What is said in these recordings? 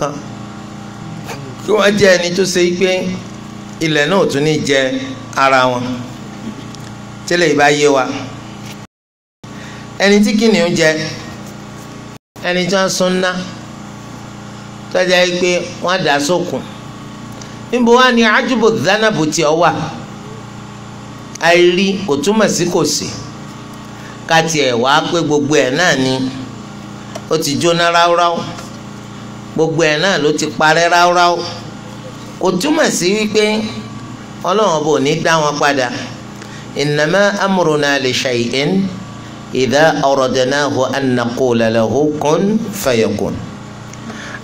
kan kí wọ́n jẹ́ ẹni tó ṣe pé ilẹ̀ náà tún ní jẹ ara wọn tẹ́lẹ̀ ìbá yé wa ẹni tí kìnìún jẹ ẹni tí wọ́n sún ná tọ́jà yìí pé wọ́n dà sókun níbo wá ní ajúbò dánàbò tí ọ wà àìrí kò túmọ̀ sí kò sí ká tiẹ̀ wá pé gbogbo ẹ̀ náà ni ó ti jóná ráúráú gbogbo ẹ̀ náà ló ti parẹ́ ráúráú kò túmọ̀ sí wípé ọlọ́run ọba ò ní dá wọn padà innama amruna li shay'in idha aradnahu an naqula lahu kun fayakun.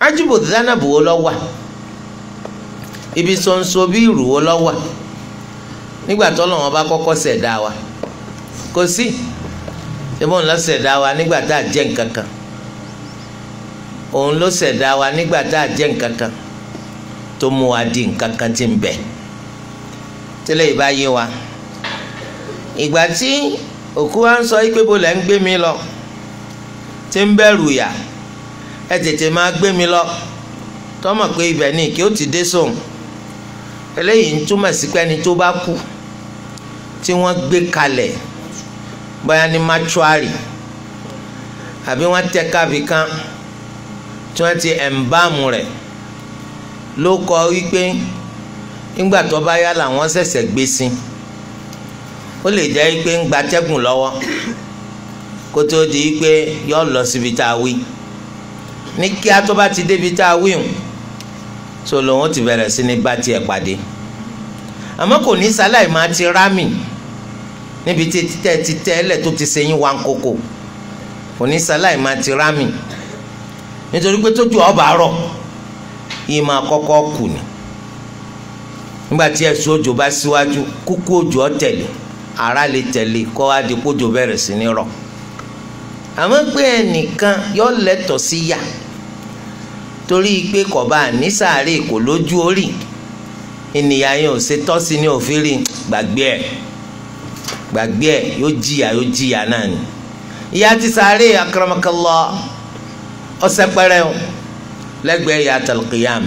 ajibu dhanabu wo lọ wà ibi sọ̀nsọ̀ bí ìrù wo lọ wà nígbà tọ́lọ́run ọba kọ́kọ́ ṣẹ̀dá wa kò sí ṣé bọ́n ló ṣẹ̀dá wa nígbà tá a jẹ́ nǹkan kan òun ló ṣẹ̀dá wa nígbà tá a jẹ́ nǹkan kan tó mú wa di nǹkan kan tí ń bẹ tẹ́lẹ̀ ìbá yé wa ìgbà tí òkú wa ń sọ pé bó lẹ́ ń gbé mi lọ tí ń bẹ̀rù yà ẹ tètè máa gbé mi lọ tọ́mọ̀ pé ibẹ̀ ni kí ó ti dé sóun eléyìí ń túmọ̀ sí pé ẹni tó bá kú tí wọ́n gbé kalẹ̀ bóyá ní mátúárì àbí wọ́n tẹ́ kábì kan tí wọ́n ti ẹ̀ǹbáàmù rẹ̀ ló kọ wípé nígbà tó bá yá làwọn ṣẹ̀ṣẹ̀ gbé sí ó lè jẹ́ wípé ń gbatẹ́gùn lọ́wọ́ kó tó di wípé yọ lọ síbi tá a wí ní kíá tó bá ti débi tá a wí hùn tó lòun ti bẹ̀rẹ̀ sí ní bá tiẹ̀ pàdé àmọ́ kò ní sáláì máa ti rámì níbi títẹ́ títẹ́ ẹlẹ̀ tó ti ṣe yín wá ń kókò kò ní sáláì máa ti rámì nítorí pé tójú ọba rọ̀ yìí máa kọ́kọ́ kù ni nígbà tí ẹ̀sùn òjò bá síwájú kúkú òjò ọ tẹ̀lé ara lè tẹ̀lé kọ́ wá di kójò bẹ̀rẹ̀ sí ní rọ̀ àmọ́ pé ẹnìkan yọ lẹ́tọ̀ọ́ sí yà torí pé kọ̀ọ̀bá ní sàárè kò lójú orí ènìyàn yẹn ò ṣe tọ́sí ní òfin gbàgbé ẹ̀ gbàgbé ẹ̀ yóò jìyà yóò jìyà náà ni ìyá ti sàárè akramakallah ọsẹ pẹrẹ o lẹ́gbẹ̀ẹ́ ìyà talqiyam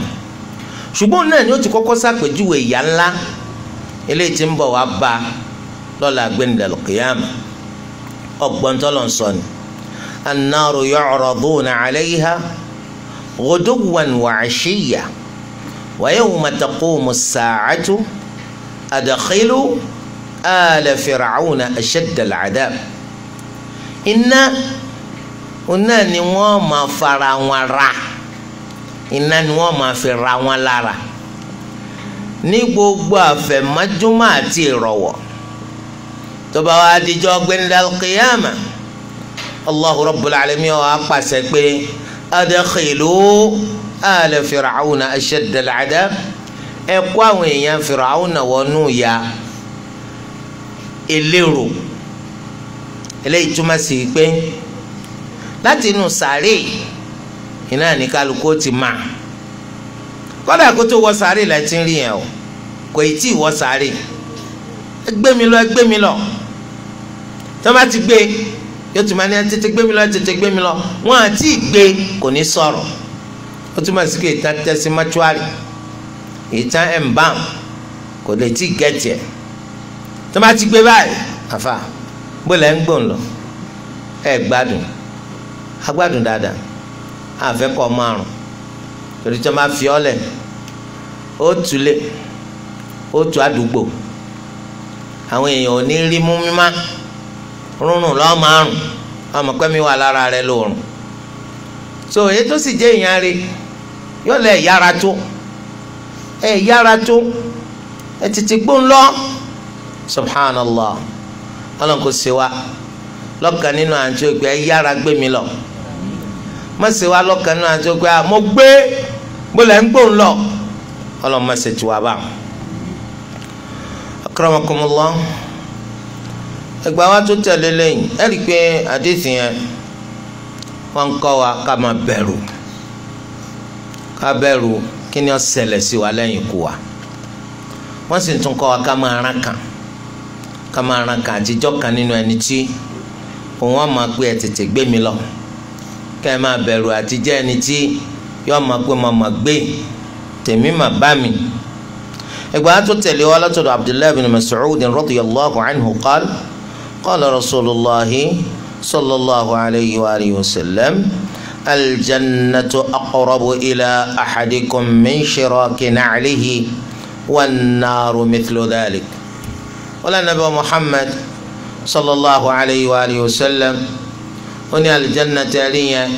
ṣùgbọ́n náà ni ó ti kọ́kọ́ ṣàpèjúwe ìyà ńlá eléyìí tí ń bọ̀ wá bá lọ́la gbẹndẹlqiyam ọgbọ́n tọlọ ń sọ ni annaru yu'raduna 'alayha ghuduwan wa 'ashiyya wa yawma taqumu as-sa'atu adkhilu ala fir'auna ashadda òun náà ni wọ́n máa fara wọn ra iná ni wọ́n máa fi ra wọn lára ní gbogbo àfẹ̀mọ́júmọ́ àti ìrọ̀wọ́ tó bá wa dijọ́ gbẹ́ndàlkìyàmà allahu rabbul alamin wa pàṣẹ pé adakhilu ala fir'auna ashaddal ẹ kó àwọn èèyàn fir'auna wọnú ya eléèrò eléyìí túmọ̀ sí pé láti inú sàárè iná ní kálukú ti mà kọ́dà kó tó wọ sàárè la ti ń rí yẹn o kò ì tí ì wọ sàárè ẹ gbé mi lọ ẹ gbé mi lọ tó bá ti gbé yóò tún máa ní tètè gbé mi lọ tètè gbé mi lọ wọn àti ìgbé kò ní sọ̀rọ̀ ó túmọ̀ sí pé ìtàn tẹ́sí mọ́túárì ìtàn ẹ̀ ń bá wọn kò lè tí gẹ̀tì ẹ̀ tó bá ti gbé báyìí àfà bó lẹ́ ń gbòǹ lọ ẹ̀ gbádùn agbádùn dáadáa àfẹ́kọ̀ márùn torí tí wọ́n bá fi ọ́ lẹ̀ ó tulẹ̀ ó tu àdúgbò àwọn èèyàn ò ní rí mú mímá rúnrún lọ́ọ́ márùn ọmọ pẹ́mi wà lára rẹ lóorùn so èyí tó sì jẹ́ èèyàn rẹ yóò lẹ̀ yára tó ẹ yára tó ẹ tètè gbóhùn lọ subhanallah ọlọ́run kò ṣe wa lọ́kàn nínú àǹtí ògbé ẹ yára gbé mi lọ mọ̀sẹ̀ wa lọ́kàn nínú àǹtí ògbé mo gbé bólẹ̀ ń gbóhùn lọ ọlọ́run mọ̀sẹ̀ tí wà bá akramakumullah ẹgbẹ́ wa tó tẹ̀lé lẹ́yìn ẹ rí i pé àdéhìí yẹn wọ́n ń kọ́ wa ká máa bẹ̀rù ká bẹ̀rù kí ni ó ṣẹlẹ̀ sí wa lẹ́yìn ikú wa wọ́n sì tún kọ́ wa ká máa rán kan ká máa rán kan àtijọ́ kan nínú ẹni tí òun á máa gbé ẹ tètè gbé mi lọ kẹ́ ẹ máa bẹ̀rù àti jẹ́ ẹni tí yóò máa gbé máa máa gbé tèmi máa bá mi. ìgbà tó tẹ̀lé wa látọ̀dọ̀ abdullahi bin mas'ud radiyallahu anhu qal qala rasulullahi sallallahu alayhi wa alihi wa sallam aljannatu aqrabu ila ahadikum min shiraki na'lihi wan naaru mithlu dhalik. wala nabi muhammad sallallahu alayhi wa alihi wa sallam ó ní alìjẹ́nà tẹ́lẹ̀ yẹn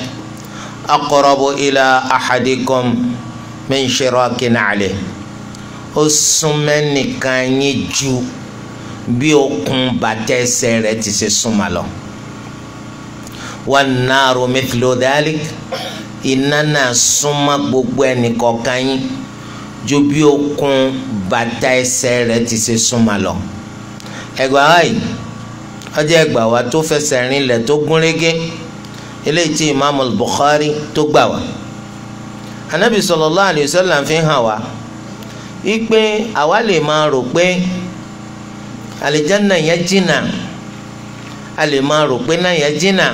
aqrabu ila ahadikum min shiraki na'lihi ó súnmọ́ nìkan yín ju bí okùn bàtà ẹsẹ̀ rẹ̀ ti ṣe súnmọ́ lọ wan naru mithlu dhalik iná náà súnmọ́ gbogbo ẹnìkọ̀ọ̀kan yín ju bí okùn bàtà ẹsẹ̀ rẹ̀ ti ṣe súnmọ́ lọ ẹgbàá yìí ọjọ́ ẹgbà wa tó fẹsẹ̀ rinlẹ̀ tó gúnrégé eléyìí tí imaamu Bukhari tó gbà wá anabi sallallahu alayhi wa sallam fi hàn wá ipe àwa lè máa rò pé alijanna yẹn jìnnà a lè máa rò pé náà yẹn jìnnà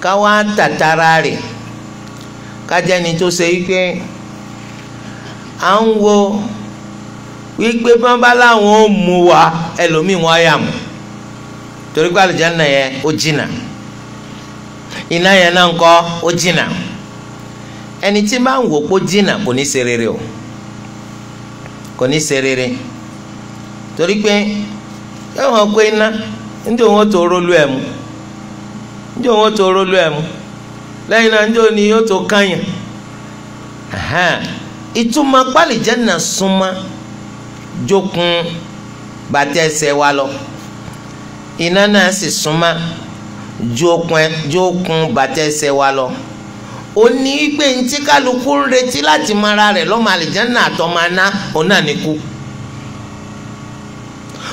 ká tàtàrà rẹ̀ ká tó ṣe wípé à ń wo wípé bábá làwọn ò mú wa ẹlòmíì wọn yà mú. alijanna alijanaye ojina ina ya na nkọ ojina eniti ma nwoke jina ko ni serere o ko ni serere tori pe ịghọkwụ ịna ndị onwoto oroolu emu ndị onwoto oroolu emu lena njo ni otu kayan ha itu ma nkpali jenina sunma jokun kpati ese wa lo iná náà sì súnmọ́ ju okùn bàtẹ́sẹ̀ wa lọ ó ní pé ní tí kálukú ń retí láti mara rẹ̀ lọ́mọ àlìjánná àtọ́mọ́ná òun náà ní kú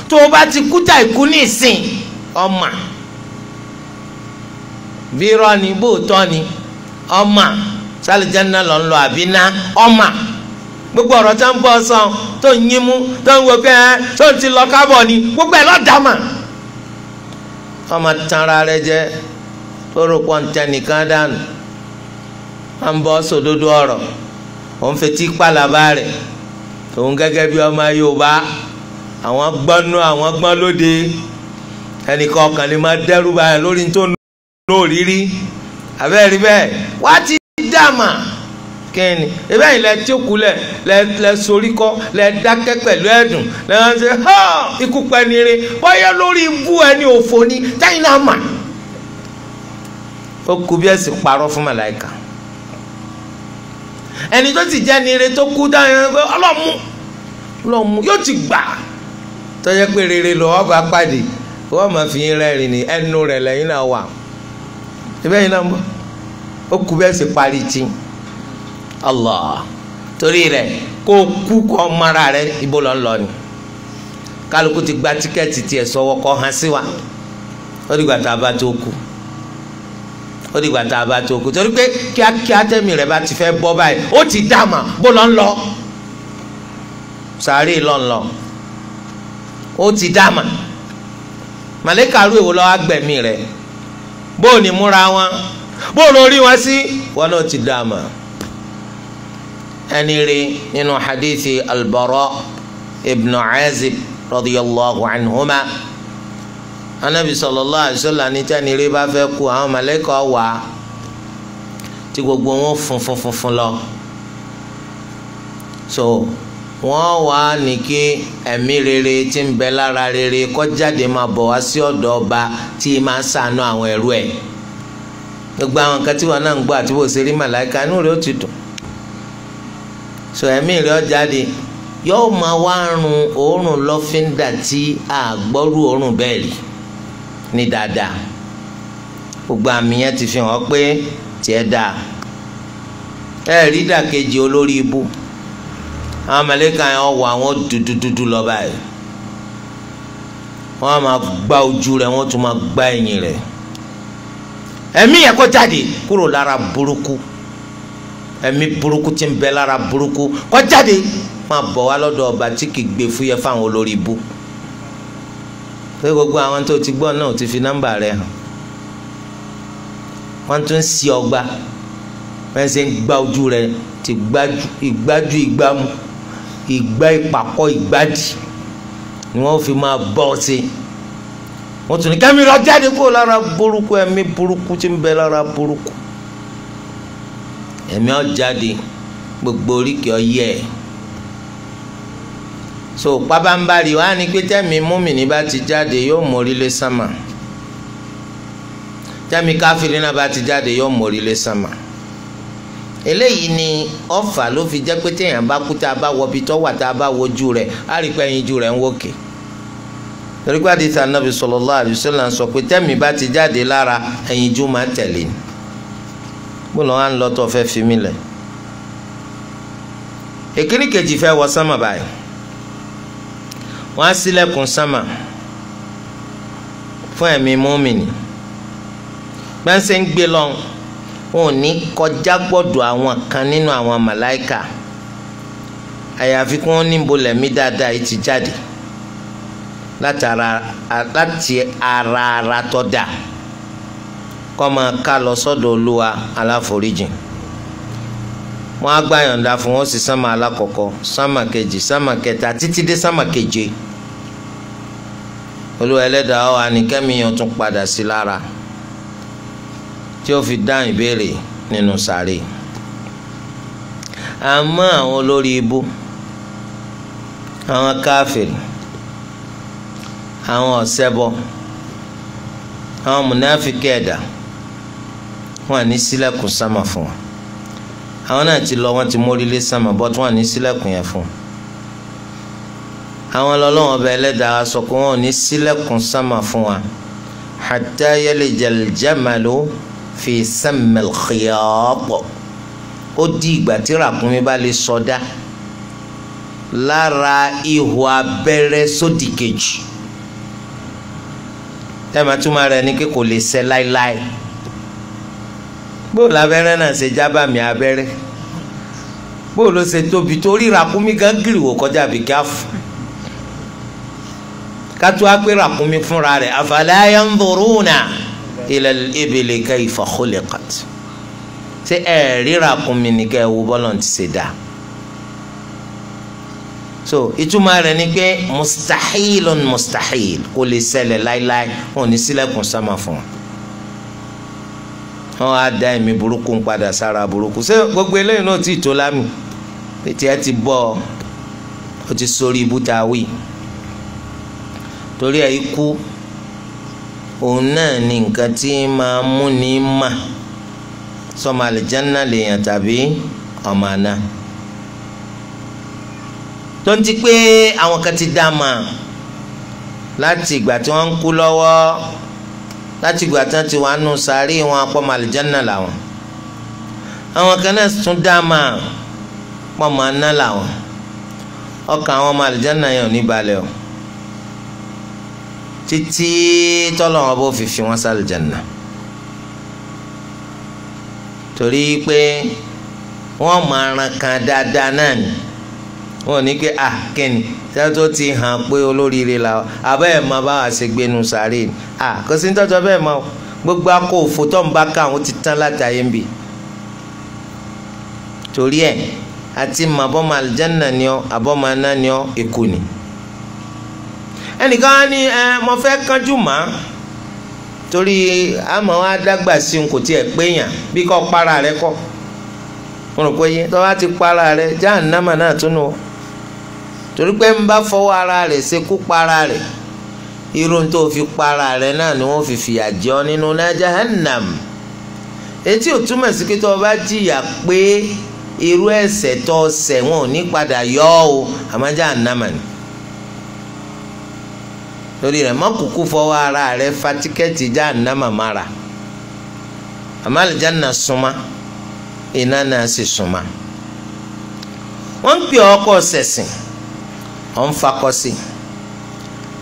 tó o bá ti kú ta ìkú ní ìsìn ọmọ bí irọ́ ni bó tọ́ ni ọmọ sálìjánná lọ ń lọ àbí ná ọmọ gbogbo ọ̀rọ̀ tó ń bọ̀ sàn tó ń yín mú tó ń wọ pé tó ń ti lọ kábọ̀ ni gbogbo ẹ̀ lọ́ọ́ dá mà wọ́n máa tanra rẹ jẹ lórí pọ́ńtẹ́ nìkan dànù wọ́n ń bọ́ sòdodo ọ̀rọ̀ òun fetí pàlàbà rẹ̀ òun gẹ́gẹ́ bí ọmọ Yorùbá àwọn gbọ́nú àwọn gbọ́n lóde ẹnìkan ọkàn lè máa dẹ́rù báyìí lórí tó ń lò rírí àbẹ́rẹ́ bẹ́ẹ̀ wá ti dàmà kẹ́ni ebe yìí lẹ tí ó kú lẹ lẹ lẹ sorí kọ lẹ dákẹ́ pẹ̀lú ẹ̀dùn lẹ wọn ṣe hàn ikú pẹnire bọ́yá lórí ibú ẹni òfò ni táyìn náà mà. ó kú bí ẹ̀sìn parọ́ fún màláìka ẹni tó ti jẹ́ nire tó kú dáhùn ọlọ́mú ọlọ́mú yóò ti gbà tọ́jẹ́ pé rere lọ́wọ́ bá pàdé wọ́n máa fi yín rẹ́rìn ní ẹnu rẹ̀ lẹ́yìn náà wà ebe yìí náà ó kú bí ẹ̀sìn parí tìǹ allah torí rẹ̀ kó kú kọ mara rẹ̀ ibo lọ ń lọ ni kálukú ti gba tíkẹ́ẹ̀tì tiẹ̀ sọ́wọ́ kọ́ hàn sí wa ó dìgbà tá a bá tó kú ó dìgbà tá a bá tó kú torí pé kíákíá tẹ̀mí rẹ̀ bá ti fẹ́ bọ́ báyìí ó ti dààmà bó lọ ń lọ sàárè lọ ń lọ ó ti dààmà màlẹ́kà rú èwo lọ́wọ́ agbẹ̀mí rẹ̀ bó o ní múra wọn bó o lórí wọn sí wọn náà ti dààmà ẹni rí nínú hadithi albara ibn azib radiyallahu anhuma anabi sallallahu alaihi wasallam ní tẹni rí bá fẹ́ kú àwọn mọlẹkọ wà tí gbogbo wọn funfun funfun lọ so wọ́n wá ní kí ẹ̀mí rere tí ń bẹ lára rere kó máa bọ̀ wá sí ọ̀dọ̀ ọba tí máa ń àwọn ẹrú ẹ̀ gbogbo àwọn kan tí wọn náà ń gbọ́ àti bó ṣe rí màláìka inú rẹ̀ ó ti dùn so ẹ̀mí rẹ̀ jáde yóò máa wá rùn òórùn lọ́fíńdà tí a gbọ́rú òórùn bẹ́ẹ̀ rí ní dáadáa gbogbo àmì yẹn ti fi hàn pé tiẹ̀ dáa ẹ rí dàkejì olórí ibú àwọn mẹlẹ́ka yẹn wọ àwọn dúdúdúdú lọ báyìí wọ́n á máa gba ojú rẹ̀ wọ́n tún máa gba ẹ̀yìn rẹ̀ ẹ̀mí yẹn kó jáde kúrò lára burúkú ẹ̀mí burúkú ti ń bẹ lára burúkú kó jáde máa bọ̀ wá lọ́dọ̀ ọba tí kì í gbé fúyẹ́ fáwọn olórí ibú pé gbogbo àwọn tó ti gbọ́ náà ti fi nọ́mbà rẹ̀ hàn wọ́n tún ń si ọgbà wọ́n ṣe ń gba ojú rẹ̀ ti ìgbájú ìgbámu ìgbá ìpàkọ́ ìgbádìí ni wọ́n fi máa bọ́ ọ sí wọ́n tún ní kẹ́mi lọ jáde kó lára burúkú ẹ̀mí burúkú ti ń bẹ lára burúkú ẹ̀mí ó jáde gbogbo oríkì ó yẹ̀ so pabambari wa ni pé tẹ́mi múmìnì bá ti jáde yóò mórí lé sánmà tẹ́mi káfíìrì náà bá ti jáde yóò mórí lé sánmà eléyìí ni ọfà ló fi jẹ́ pé téèyàn bá kú tá a bá wọbi tó wà tá a bá wojú rẹ̀ á rí pé ẹyinjú rẹ̀ ń wòkè torí pé àdìsí Ànábì sallallahu alaihi wasallam sọ pé tẹ́mi bá ti jáde lára ẹyinjú máa tẹ̀lé ni gbọ́dọ̀ wá ń lọ tó fẹ́ fi mí lẹ̀ èkíní kejì fẹ́ wọ sámà báyìí wọ́n á ṣílẹ̀kùn sámà fún ẹ̀mí mọ́mìnì gbẹ́nsẹ̀ ń gbé lọ́n wọn ò ní kọjá gbọ́dọ̀ àwọn kan nínú àwọn màláìkà àyàfi kí wọ́n níbo lẹ̀mí dáadáa yìí ti jáde láti ara ara tó dáa kó máa ká lọ sọ́dọ̀ olúwa aláforíjìn wọ́n á gbà yọ̀ǹda fún wọn sì sánmà alákọ̀ọ́kọ́ sánmà kejì sánmà kẹta títí dé sánmà keje olúwa ẹlẹ́dàá ọ̀ ànikẹ́miyàn tún padà sí lára tí ó fi dáhùn ìbéèrè nínú sàárè àmọ́ àwọn olórí ibú àwọn káfíìrì àwọn ọ̀sẹ́bọ àwọn mùnáfíkì ẹ̀dá wọn à ní sílẹ̀kùn sámà fún wọn àwọn náà ti lọ wọn ti mórílé sámà bọ́t wọn à ní sílẹ̀kùn yẹn fún wọn àwọn lọ́lọ́wọ́n ọba ẹlẹ́dàá sọ pé wọn ò ní sílẹ̀kùn fún wa hatta yalijal fi sammil ó di ìgbà tí ràkúnmí bá lè sọdá lára ihò abẹ́rẹ́ sódì kejì ẹ̀ máa túmọ̀ kò lè ṣẹ láéláé bóòlù abẹ́rẹ́ náà ṣe jábàmì abẹ́rẹ́ bóòlù ṣe tóbi torí ràkúnmí gan gìrìwò kọjá bí káfù kátó á pé ràkúnmí fúnra rẹ̀ afala yanzuruna ila al-ibili kayfa khuliqat ṣé ẹ rí ràkúnmí ni kẹ́ ẹ wo bọ́lọ̀ ti ṣe dáa so ìtumọ̀ rẹ̀ ni pé mustahilun mustahil kò lè ṣẹlẹ̀ láéláé wọn sílẹ̀kùn sáma fún wọn wọn á da ẹ̀mí burúkú ń padà sára burúkú ṣé gbogbo eléyìí náà ti tó lámì pété ẹ ti bọ ọ ti sórí ibú tá a wí torí ẹ ikú òun náà ni nǹkan tí máa mú ní mà sọmọ àlìjánná lèèyàn tàbí ọmọ àná tó ń ti pé àwọn kan ti dá mà láti ìgbà tí wọ́n ń kú lọ́wọ́ láti ìgbà tán ti wà nù sàárì wọn apọ́mọ àlìjánná làwọn àwọn kan náà tún dá máa pọ́mọ aná làwọn ọkàn àwọn ọmọ àlìjánná yẹn ò ní balẹ̀ o títí tọ́lọ́wọ́n bó fi fi wọ́n sálìjánná torí pé wọ́n máa ran kan dáadáa náà ni wọ́n ní pé à kíni tẹ́tọ́ ti hàn pé olóríire la àbẹ́ ẹ̀ máa bá wa ṣe gbénu sàárè ni à kò sí tọ́jọ́ bẹ́ẹ̀ máa gbogbo akó òfò tó ń bá ká àwọn ti tán látàyè ń bì torí ẹ̀ àti màbọ́mọ àlìjáná ni ọ́ àbọ́mọ aná ni ọ́ èkó ni ẹnìkan á ní ẹ mo fẹ́ kánjú mọ́ torí àmọ́ wọn dágbà sí n kò tiẹ̀ péyàn bí kò para rẹ kọ́ mo rò pé yé tọ́ bá ti para rẹ jáà nàmà náà tún nù ọ́ torí pé ń bá fọwọ́ ara rẹ̀ ṣekú para rẹ̀ irú tó fi para rẹ̀ náà ni wọ́n fi fìyà jẹ ọ́ nínú iná jahannam etí ò túmọ̀ sí pé tó o bá jìyà pé irú ẹ̀ṣẹ̀ tó o ṣẹ̀ ò ní padà ni torí rẹ̀ fọwọ́ ara rẹ̀ fa jahannama mara àmọ́ iná ọ̀ ń fakọ sí i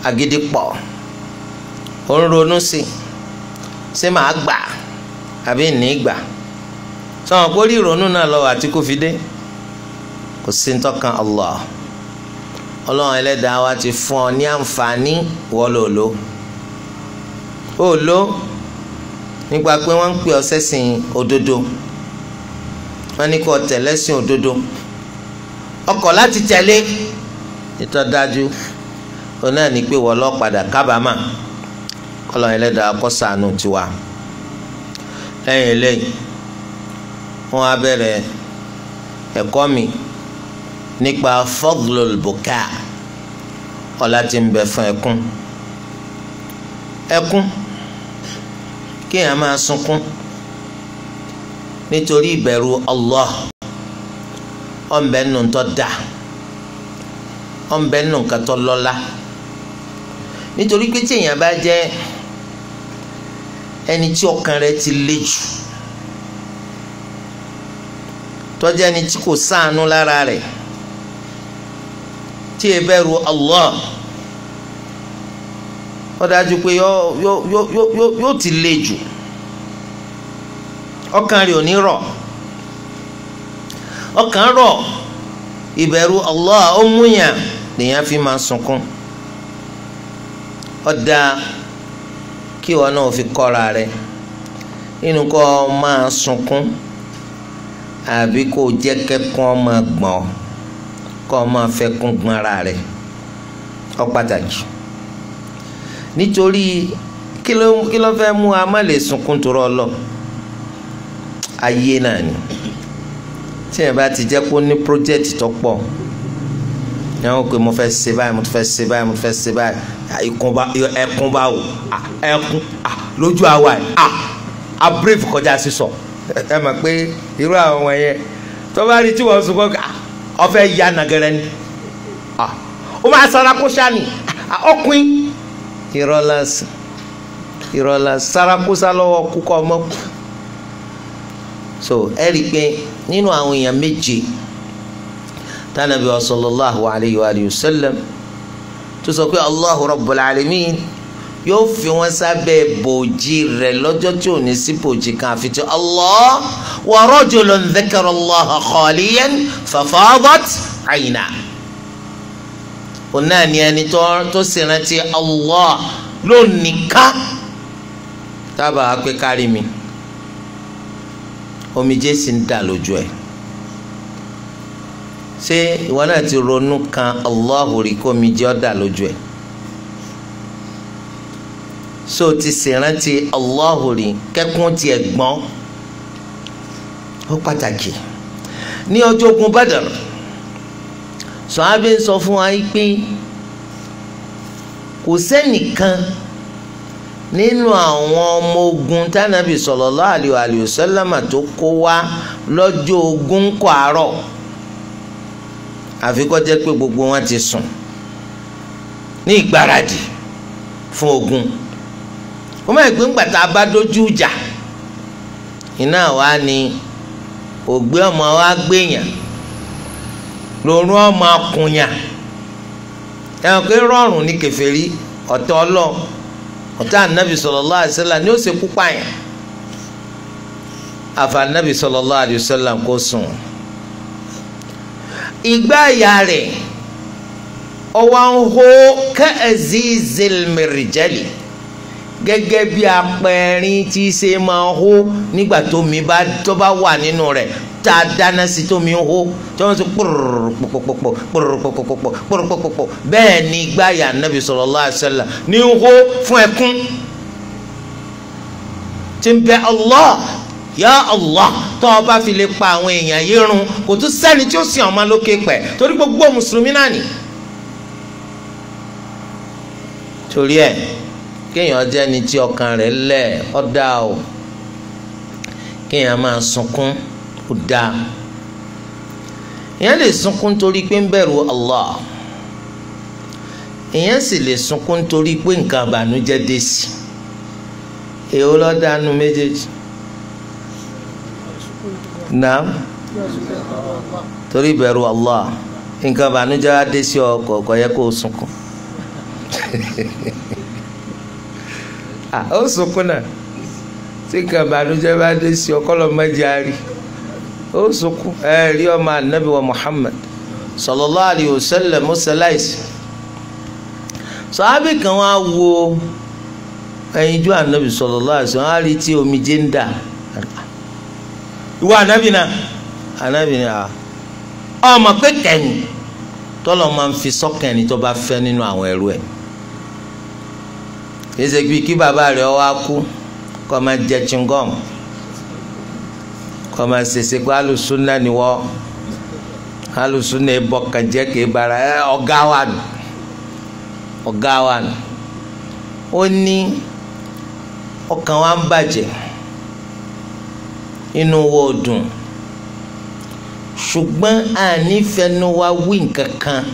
agídí pọ̀ ò ń ronú sí i ṣé màá gbà àbí ní gbà sọ̀rọ̀ pé orí ìrònú náà lọ́wọ́ àti kò fi dé kò sí ntọ́kan Allah ọlọ́run ẹlẹ́dàá wa ti fún ọ ní àǹfààní wọ́lọ́ọ̀lọ́ òòló nígbà pé wọ́n ń pè ọ́ sẹ́sìn òdodo wọ́n ní kó tẹ̀lẹ́sìn òdodo ọkọ̀ láti tẹ̀lé ìtọ́dájú òun náà ní pé wọ́n lọ padà kábàámà kọ́lọ́ ẹlẹ́dàá kó ṣàánú tiwa lẹ́yìn eléyìí wọ́n á bẹ̀rẹ̀ ẹ̀kọ́ mi nípa fadlul buka ọlá tí ń bẹ fún ẹkún ẹkún kéèyàn máa sunkún nítorí ìbẹ̀rù Allah ọ̀nbẹ́nu tó dáa. ọ̀nbẹ nù nǹkan tó nítorí pé tí èèyàn bá jẹ́ ẹni tí ọkàn rẹ̀ ti le jù tó ẹni tí kò ṣàánú lára rẹ̀ tí ẹ Allah ó dájú pé yóò ti le jù ọkàn ò ní ìbẹ̀rù Allah ó múyàn lèèyàn fi máa sunkún ọ̀dà kí wọn náà fi kọ́ra rẹ nínú kọ́ máa sunkún àbí kó jẹ́ kẹ́kọ́ máa gbọ̀n kọ́ máa fẹ́ kún gbọ́nra rẹ ó pàtàkì nítorí kí ló fẹ́ mú a má lè sunkún tó rọ lọ ayé náà ni tí yẹn bá ti jẹ́ kó ní project tó pọ̀ yẹn wọ́n pe mo fẹ́ ṣe báyìí mo fẹ́ ṣe báyìí mo fẹ́ ṣe báyìí ẹkún bá wò ẹkún lójú àwa ẹ a brief kọjá sísọ ẹ mọ̀ pé irú àwọn yẹn tó bá rí tí wọ́n sunkún ọ fẹ́ ya nàgẹrẹ ni ó máa sarakó sani ọkùnrin irọ́ lásán irọ́ lásán sarakó sálọ́wọ́ kúkọ́ ọmọ so ẹ rí i pé nínú àwọn èèyàn méje tánàbí sallallahu alayhi wa sallam tó sọ pé Allahu rabbul alamin yóò fi wọn sábẹ́ bòjì rẹ̀ lọ́jọ́ tí ò ní sí bòjì kan àfi tí Allah wa rajulun dhakara Allaha khaliyan fafadat ayna òun náà ni ẹni tó ṣèrántí Allah lónìí ká tábà pé kárí mi omijé sì ń dà lójú ẹ̀ ṣé ìwọ náà ti ronú kan Allahu rí kó omijé ọ̀ dà lójú ẹ̀ so ti ṣèrántí Allahu rí kẹ́kún tiẹ̀ gbọ́n ó pàtàkì ní ọjọ́ ogun Badr sọ̀hábẹ́ sọ fún wa pé kò sẹ́nìkan. So, nínú àwọn ọmọ ogun tánàbì sallallahu alaihi wa sallama tó kó wá lọ́jọ́ ogun kọ́ àárọ̀ gbogbo wọn ti sùn ní ìgbáradì fún ogun ó máa ń gbàtà bá ìjà iná wa ni ògbé ọmọ wa gbéyàn lórun ọmọ akùnyàn ẹ̀ hàn pé rọrùn ní kèfèrí ọ̀tọ̀ ọlọ́run ọ̀tá anabi sallallahu alaihi wasallam ni ó ṣe púpà yẹn àfà anabi sallallahu alaihi wasallam kò sùn ìgbà ìyá rẹ̀ ọwọ́ ń hó ka'azizil mirjali gẹ́gẹ́ bí apẹ̀rin tí ṣe máa hó nígbà tómi bá tó bá wà nínú rẹ̀ tá a dáná sí tómi hó tó ń sọ pòròpòpòpò pòròpòpòpò pòròpòpòpò bẹ́ẹ̀ ni gbáyà nàbì sallallahu alaihi wasallam ní hó fún ẹkún tí ń bẹ Allah ya Allah tó o bá fi lè pa àwọn èèyàn yìí run kò tún sẹ́ni tí ó sìn ọmọ lókè pẹ̀ torí gbogbo mùsùlùmí náà ni torí ẹ̀ kéèyàn jẹ́ ni tí ọkàn rẹ̀ lẹ̀ ọ́ dá o kéèyàn máa sunkún ó dá èèyàn lè sunkún torí pé ń bẹ̀rù Allah èèyàn sì lè sunkún torí pé nǹkan àbànújẹ́ dé sí èèwọ̀ ló dánú méjèèjì naam torí bẹ̀rù Allah nǹkan àbànújẹ́ á dé sí ọkọ̀ ọ̀kọ̀ yẹ kó o sunkún. ó sunkún náà tí kan ìbànújẹ́ bá dé sí ọkọlọ mẹjẹ àárí ó sunkún ẹ ọmọ anabi wa Muhammad sallallahu alayhi wa sallam mọsálàìsì sọ́hábì kan wá wo ẹyinjú anabi sallallahu alayhi wa sallam á rí tí omijé ń dà ìwọ anabi náà anabi náà ọmọ pé kẹ́yìn tọ́lọ́ máa ń fi sọ́kàn tó bá fẹ́ nínú àwọn ẹrú ẹ̀ èsè bíi kí bàbá rẹ̀ wá kú kọ́ máa jẹ chingom kọ́ máa ṣèṣe pé alùsùnà ni wọ́n alùsùnà ebọ kànjẹ́ kì í bara ẹ ọ̀gá wa nù ọ̀gá wa nù ó ní ọkàn wa ń bàjẹ́ inú wo dùn ṣùgbọ́n ànífẹnu wa wí nǹkan kan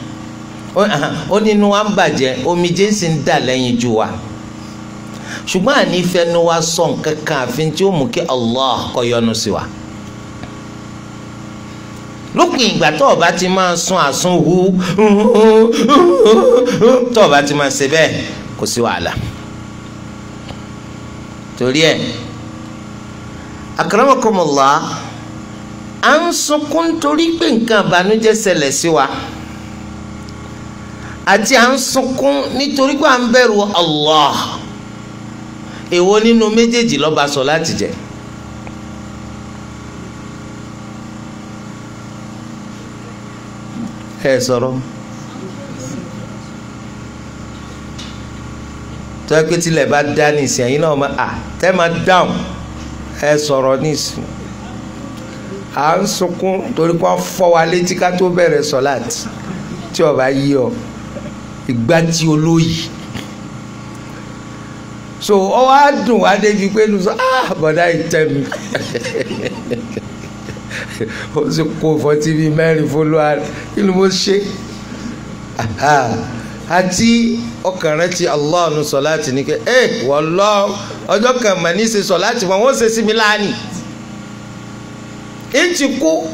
ó nínú wa ń bàjẹ́ omijé sì ń dà lẹ́yìn jù wa ṣùgbọ́n àní fẹnu wa sọ nǹkan kan àfin tí ó mú kí Allah kó yọ́nú sí wa lópin ìgbà tó o bá ti máa sun àsunhu tó o bá ti máa ṣe bẹ́ẹ̀ kò sí wàhálà torí ẹ akramakumullah à ń sunkún torí pé nǹkan àbànújẹ́ ṣẹlẹ̀ sí wa àti à ń sunkún nítorí pé à ń bẹ̀rù Allah èwo nínú méjèèjì ló ba sọ láti jẹ́ ẹ sọ̀rọ̀ tọ́wọ́ pé tilẹ̀ bá dá nísìnyí ẹ̀yin náà máa à tẹ́ máa dáhùn ẹ sọ̀rọ̀ nísìnyí à ń sunkún torí kó fọ́ wa létí ká tó bẹ̀rẹ̀ sọ̀láàtì tí ó yí ọ ìgbà tí olóyìí so ọ wá dùn wá débi pé nu sọ ah bọ̀dá ìtẹ́ mi ó sì kó fọtí bíi mẹ́rin fọlọ́wà kí ni mo ṣe àti ọkàn rẹ ti Allah nu sọ láti ní kẹ eh, ẹ wọlọ ọjọ́ kan mà ní ṣe sọ láti wọn wọ́n ṣe sí mi láàánì e ti kú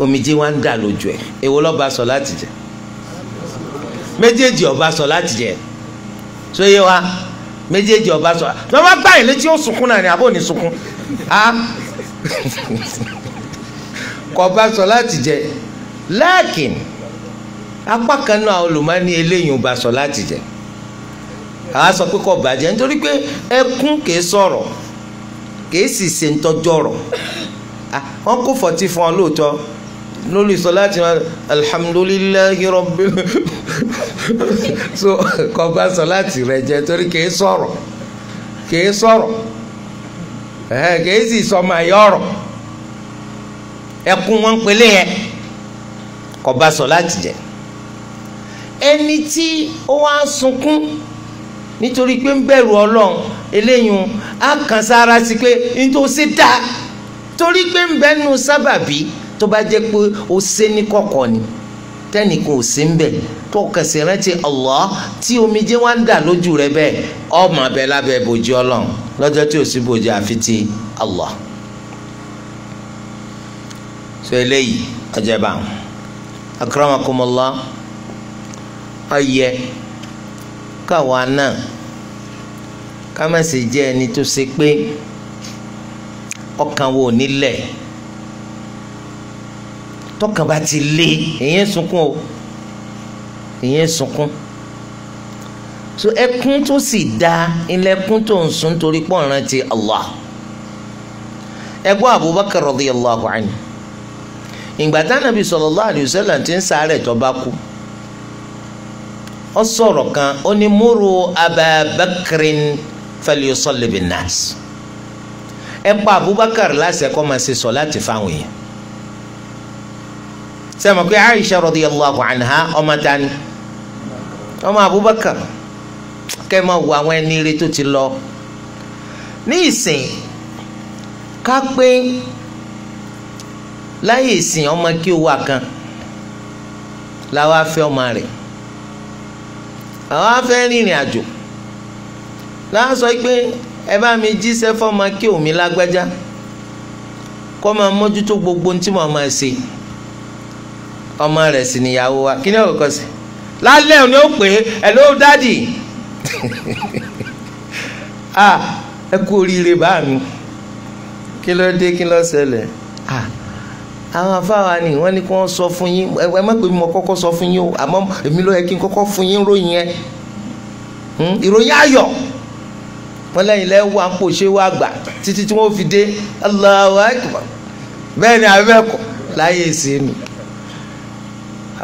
omijé wa ń dà lójú ẹ èwo lọ́ba sọ láti jẹ méjèèjì ọba sọ láti jẹ so yé wa méjèèjì ọba sọ ní wọn bá gbà yín létí ó sunkún náà ni àbò ní sunkún a kò bá sọ láti jẹ lẹ́ẹ̀kìn apá kan náà olùmọ́ni eléyìí ò bá sọ láti jẹ àá sọ pé kò bàjẹ́ nítorí pé ẹkún kìí sọ̀rọ̀ kìí sì ṣe ń tọ́jọ́rọ̀ wọ́n kó fọ́tí fún ọ lóòótọ́ lórí sọ láti máa alhamdulilayi rọbí so kọba sọ láti rẹ jẹ torí kìí sọ̀rọ̀ kìí sọ̀rọ̀ kìí sì sọmọ ayé ọ̀rọ̀ ẹkún wọn pélé yẹn kọba sọ láti jẹ ẹni tí ó wá sunkún nítorí pé ń bẹ̀rù ọlọ́run eléyìí á kàn sára sí pé nítòsí dá torí pé ń bẹ́nu sábàbí tó bá jẹ́ pé o ṣe ní kọ̀kọ̀ ni tẹ́nìkan ò sí ń bẹ̀ tó kẹsì rántí Allah tí omijé wá ń dà lójú rẹ bẹ́ẹ̀ ọmọ abẹ lábẹ́ bòjú ọlọ́run lọ́jọ́ tí ò sí bòjú àfi ti Allah. sọ eléyìí ọjọ́ bá wọn akramakumullah ọyẹ káwa náà ká má sì jẹ́ ẹni tó ṣe pé ọkàn wo nílẹ̀ tọkàn bá ti lé èyí ń sunkún o èyí sunkún so ẹkún tó sì da ilẹ̀kùn tó ń sun torí pọ̀ ń rántí Allah ẹgbọ́n Abubakar radiyallahu anhu ìgbà tánàbí sallallahu alayhi wa sallam ti ń sáré tó bá kú ó sọ̀rọ̀ kan ó ní múru ababakrin falyusalli bin nas ẹ pa Abubakar láṣẹ kó máa ṣe sọ láti fáwọn èèyàn sẹ́mi pé Aisha radiyallahu anha ọmọ tani ọmọ Abubakar kẹ́ ẹ máa wo àwọn ẹni ire tó ti lọ ní ìsìn ká pé láyé ìsìn ọmọ kí o wà kan làwa fẹ́ ọmọ rẹ̀ àwa fẹ́ rìnrìn àjò làwa sọ pé ẹ bá mi jíṣẹ́ fọ́mọ kí lágbájá kọ́ máa mójútó gbogbo ohun tí mo máa ṣe. ọmọ rẹ̀ sì níyàwó wa kí ni ó kọ sí lálẹ́ òní ó pè é hello daddy ah ẹ kú oríire bá mi kí ló dé kí ló ṣẹlẹ̀ ah àwọn afáwa ni wọ́n ní kí wọ́n sọ fún yín ẹ má pè mí mo kọ́kọ́ sọ fún yín o àmọ́ èmi ló yẹ kí n kọ́kọ́ fún yín ròyìn ẹ hmm? ìròyìn ayọ̀ wọ́n lẹ́yìn lẹ́wọ́ à ń pòṣe wá gbà títí tí wọ́n fi dé Allahu Akbar bẹ́ẹ̀ ni àbẹ́ẹ̀kọ́ láyé ìsinmi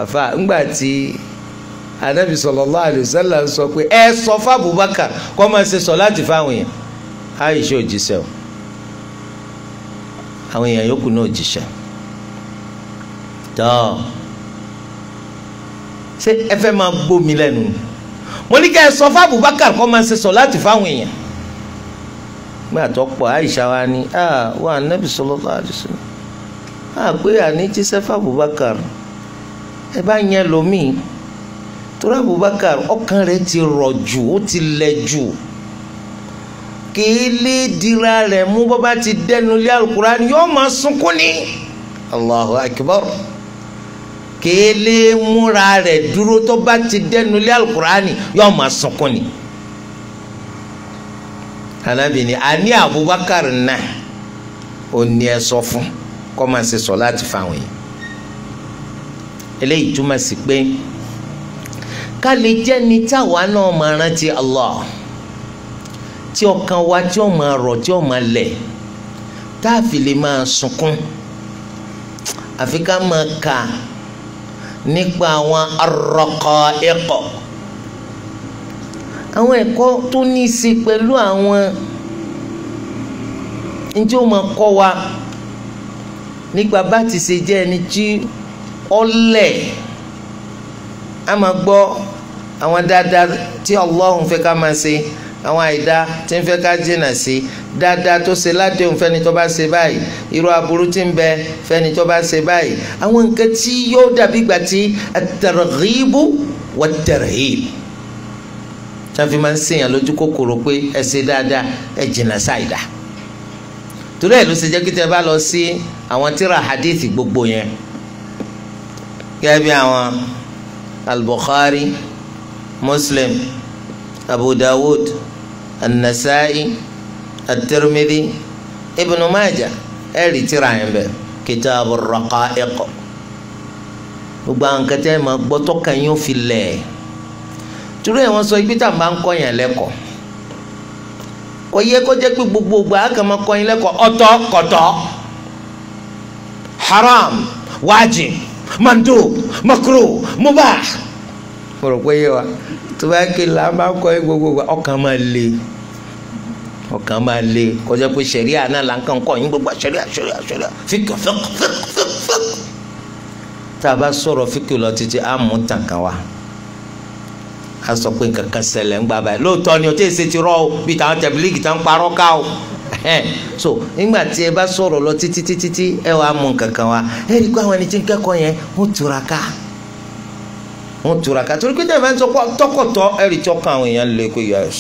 àfa ńgbà tí anabi sallallahu alaihi wasallam sọ pé ẹ sọ fún Abubakar kó máa ṣe sọ láti fáwọn èèyàn Aisha ò jíṣẹ́ o àwọn èèyàn yòókù náà jíṣẹ́ tọ́ ṣé ẹ fẹ́ máa gbómi lẹ́nu mo ní kẹ́ ẹ sọ fún Abubakar kó máa ṣe sọ láti fáwọn èèyàn gbà tó pọ̀ Aisha wa ni ah wa anabi sallallahu alaihi wasallam ah pé àní jíṣẹ́ fún Abubakar ẹ bá yẹn lómìn torí Abubakar ọkàn rẹ̀ ti rọ̀ jù ó ti lẹ̀ jù kìí lè dira rẹ̀ mú bó bá ti dẹnu lé alukurani yóò máa sunkún ni Allahu Akbar kìí lè múra rẹ̀ dúró tó bá ti dẹnu lé alukurani yóò máa sunkún ni anabini ani Abubakar náà ò ní ẹ sọ fún kọ́ máa ṣe sọ láti fáwọn yìí. eléyìí túmọ̀ sí pé ká lè jẹ́ ni táwa náà máa rántí Allah tí ọkàn wa tí ó máa rọ̀ tí ó máa lẹ̀ tá a fi lè máa sunkún àfi ká máa kà nípa àwọn arraqa'iq àwọn ẹ̀kọ́ tó ní í ṣe pẹ̀lú àwọn njẹ́ ó máa kọ́ wa nípa bá ti ṣe jẹ́ ẹni tí. ọlẹ̀ a máa gbọ́ àwọn dáadáa tí ọlọ́run fẹ́ ká máa ṣe àwọn àìdá tí ń fẹ́ ká jìnnà sí dáadáa tó ṣe ládéhùn fẹ́ni tó bá ṣe báyìí irú aburú tí ń bẹ fẹ́ni tó bá ṣe báyìí àwọn nǹkan tí yóò dàbí ìgbà tí at-targhibu wat-tarhib máa ń ṣèyàn lójú kòkòrò pé ẹ ṣe dáadáa ẹ jìnnà sáìdá torí ẹ̀ ló ṣe jẹ́ kí tẹ́ bá lọ sí àwọn tíra hadith gbogbo yẹn gẹ́gẹ́ bí àwọn al-Bukhari Muslim Abu Dawud an-Nasa'i at-Tirmidhi Ibn Majah ẹ̀rì tíra yẹn bẹ̀ Kitabu Raqa'iq gbogbo àwọn kẹtẹ́ ma gbọ́ tọ́ka yín ó fi lẹ̀ turu ẹ̀ wọ́n sọ ibi tá a máa ń kọ́ yẹn lẹ́kọ̀ọ́ kò yẹ pé gbogbo ìgbà máa kọ́ yín lẹ́kọ̀ọ́ ọ̀tọ̀ kọ̀tọ̀ haram wájib. mandub makruh mubah. mo rò pé yé wa tó n la kọ ẹ gbogbo le ọkàn máa le kọjá pé sẹríà náà là ń gbogbo sẹríà sẹríà sẹríà fíkì fíkì fíkì fíkì. tá a bá sọ̀rọ̀ fíkì kan a so pe nǹkan kan ṣẹlẹ̀ ń gbà ni o ti ro o so nígbà tí ẹ bá sọ̀rọ̀ lọ títí títí tí ẹ wàá mú kankan wa ẹ rí i pé àwọn ẹni tí ń kẹ́kọ̀ọ́ yẹn wọ́n túra ká wọ́n túra ká torí pé tẹ̀lé máa ń sọ pé ọ̀tọ́kọ̀tọ́ ẹ rí i tí ọkàn àwọn èèyàn lè pé yẹs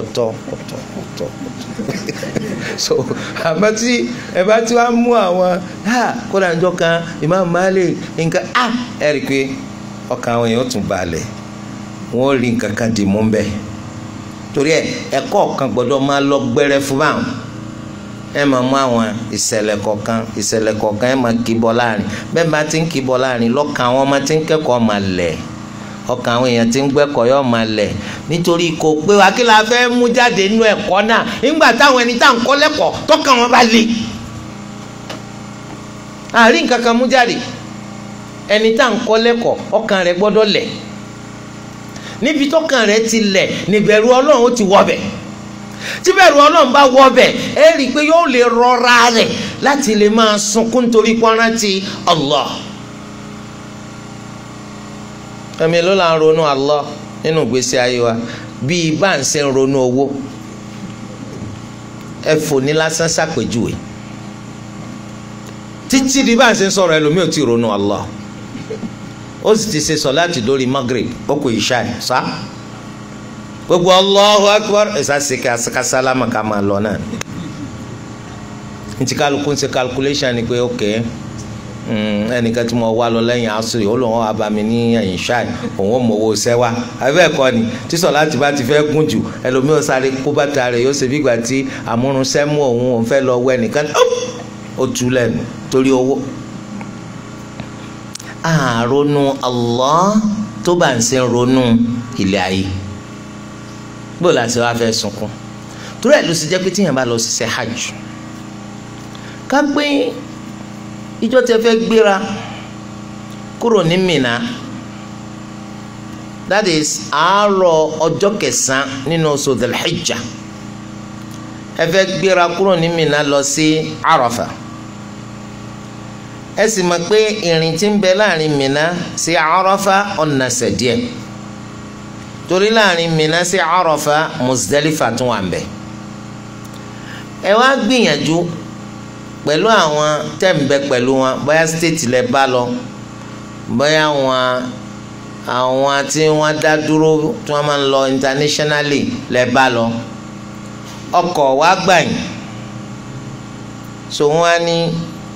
ọ̀tọ̀ ọ̀tọ̀ ọ̀tọ̀ so àmọ́ tí ẹ bá ti wá mú àwọn kódà níjọ́ kan Imam Malik nǹkan ẹ rí i pé ọkàn àwọn èèyàn tún balẹ̀ wọ́n rí nǹkan kan dì mú bẹ́ẹ̀ torí ẹ ẹ̀kọ́ kan gbọdọ máa lọ gbẹrẹ fún báwọn ẹ máa mú àwọn ìṣẹ̀lẹ̀ kọ̀ọ̀kan ẹ máa kíbọ̀ láàrin bá ti ń láàrin lọ́kàn àwọn ọmọ ti ń máa ọkàn àwọn èèyàn ti ń máa nítorí kò pé wa kí la fẹ́ mú jáde nínú ẹ̀kọ́ náà nígbà táwọn ẹni tá à ń kọ́ lẹ́kọ̀ọ́ tọ́kàn wọn bá le àárín kankan mú jáde níbi tọ́kàn rẹ̀ ti lẹ̀ níbẹ̀rù ọlọ́run ó ti wọbẹ̀ tí bẹ̀rù ọlọ́run bá wọbẹ̀ ẹ rí i pé yóò lè rọra rẹ̀ láti lè máa sunkún torí pọ́nrán ti Allah ẹ̀mí ló là ń ronú Allah nínú ìgbésí ayé wa bíi bá ń ṣe ń ronú owó ẹ fò ní lásán ṣàpèjúwe títí di bá ń ṣe ń sọ̀rọ̀ ẹlòmíì ò ti ronú Allah ó sì ti ṣe sọláàtì lórí Maghrib ó kò ìṣá ẹ̀ sá gbogbo Allahu Akbar ẹ̀ sàṣe ká sálámà ká máa lọ náà ntí kálukú ń ṣe calculation ni pé ok mm, ẹnìkan tí mo wá lọ lẹ́yìn asiri ó lọ́wọ́ abami ní ẹ̀yìn ṣáì òun ò mọ owó sẹ́wà abẹ́ẹ̀kọ́ ni tí sọláàtì bá ti fẹ́ gùn jù ẹlòmíràn sáré kó bàtà rẹ̀ yóò ṣe bí ìgbà tí àmúrun sẹ́mu òun òun fẹ́ lọ wẹ nìkan ó tu lẹ́nu torí owó àrònú Allah tó bá ń ṣe ń ronú ilé ayé bó la ṣe wá fẹ́ sunkún torí ẹ̀ ló ṣe jẹ́ pé tíyẹn bá lọ ṣiṣẹ́ hajj ká pé ìjọ tẹ fẹ́ gbéra kúrò ní Mina that is àárọ̀ ọjọ́ kẹsàn-án nínú oṣù Dhul Hijjah ẹ fẹ́ gbéra kúrò ní Mina lọ sí Arafah ẹ sì mọ̀ pé ìrìn tí ń bẹ láàrin Mina sí Arafa ọ̀nà sẹ̀díẹ̀ torí láàrin Mina sí Arafa Muzdalifa tún wà ń bẹ ẹ wá gbìyànjú pẹ̀lú àwọn tẹ̀m̀bẹ̀ pẹ̀lú wọn bóyá stéètì lẹ bá lọ bóyá wọn àwọn tí wọ́n dá dúró tí wọ́n máa ń lọ internationally lẹ bá lọ ọkọ̀ wá gbà yín so wọ́n á ní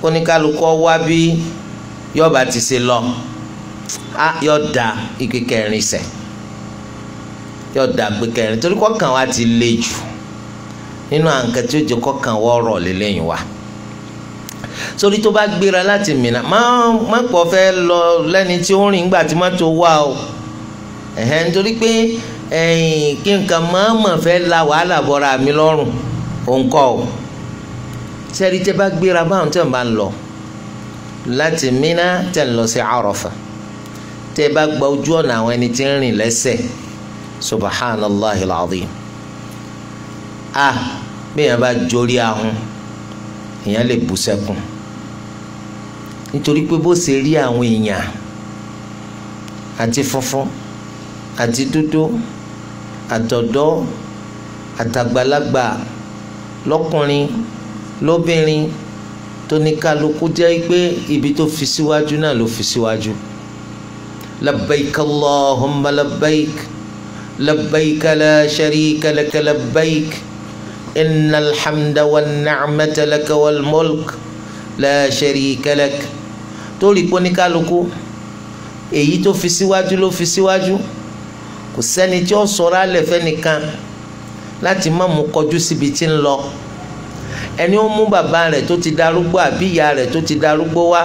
kóníkálukú wá bí yọba ti ṣe lọ a yọ da ike kẹrin sẹ yọ da gbé kẹrin torí kọkàn wa ti le jù nínú àǹkan tí ó jẹ kọkàn wọ ọ̀rọ̀ lélẹyìn wa sórí tó bá gbéra láti mìíràn má má pọ̀ fẹ́ lọ lẹ́ni tí ó rìn gbà má tó wá o ẹ̀hẹ́n nítorí pé kí nǹkan máa mọ̀ fẹ́ la wàhálà bọ́ra mi lọ́rùn òǹkọ́ o sẹ́ẹ̀rì tẹ́ bá gbéra báwọn tẹ́ ń bá ń lọ láti Mina tẹ́ ń lọ sí Arafa tẹ́ bá gba ojú ọ̀nà àwọn ẹni tí ń rìn lẹ́sẹ̀ subhanallah al-azim bẹ́ẹ̀ bá jórí ahun èèyàn lè bú sẹ́kùn nítorí pé bó ṣe rí àwọn èèyàn àti funfun àti dúdú àtọ̀dọ́ àtàgbàlagbà lọ́kùnrin lóbìnrin tó ní kálukú jẹ́ pé ibi tó fi síwájú náà ló fi síwájú labbaik allahumma labbaik labbaik la sharika laka labbaik innal hamda wan ni'mata laka wal mulk la sharika laka tó rí pé oníkálukú èyí tó fi síwájú ló fi síwájú kò sẹ́ni tí ó sọ̀rọ̀ alẹ́ fẹ́nìkan láti má mú kọjú síbi tí ń lọ ẹni ó mú bàbá rẹ̀ tó ti darúgbó àbí ìyá rẹ̀ tó ti darúgbó wá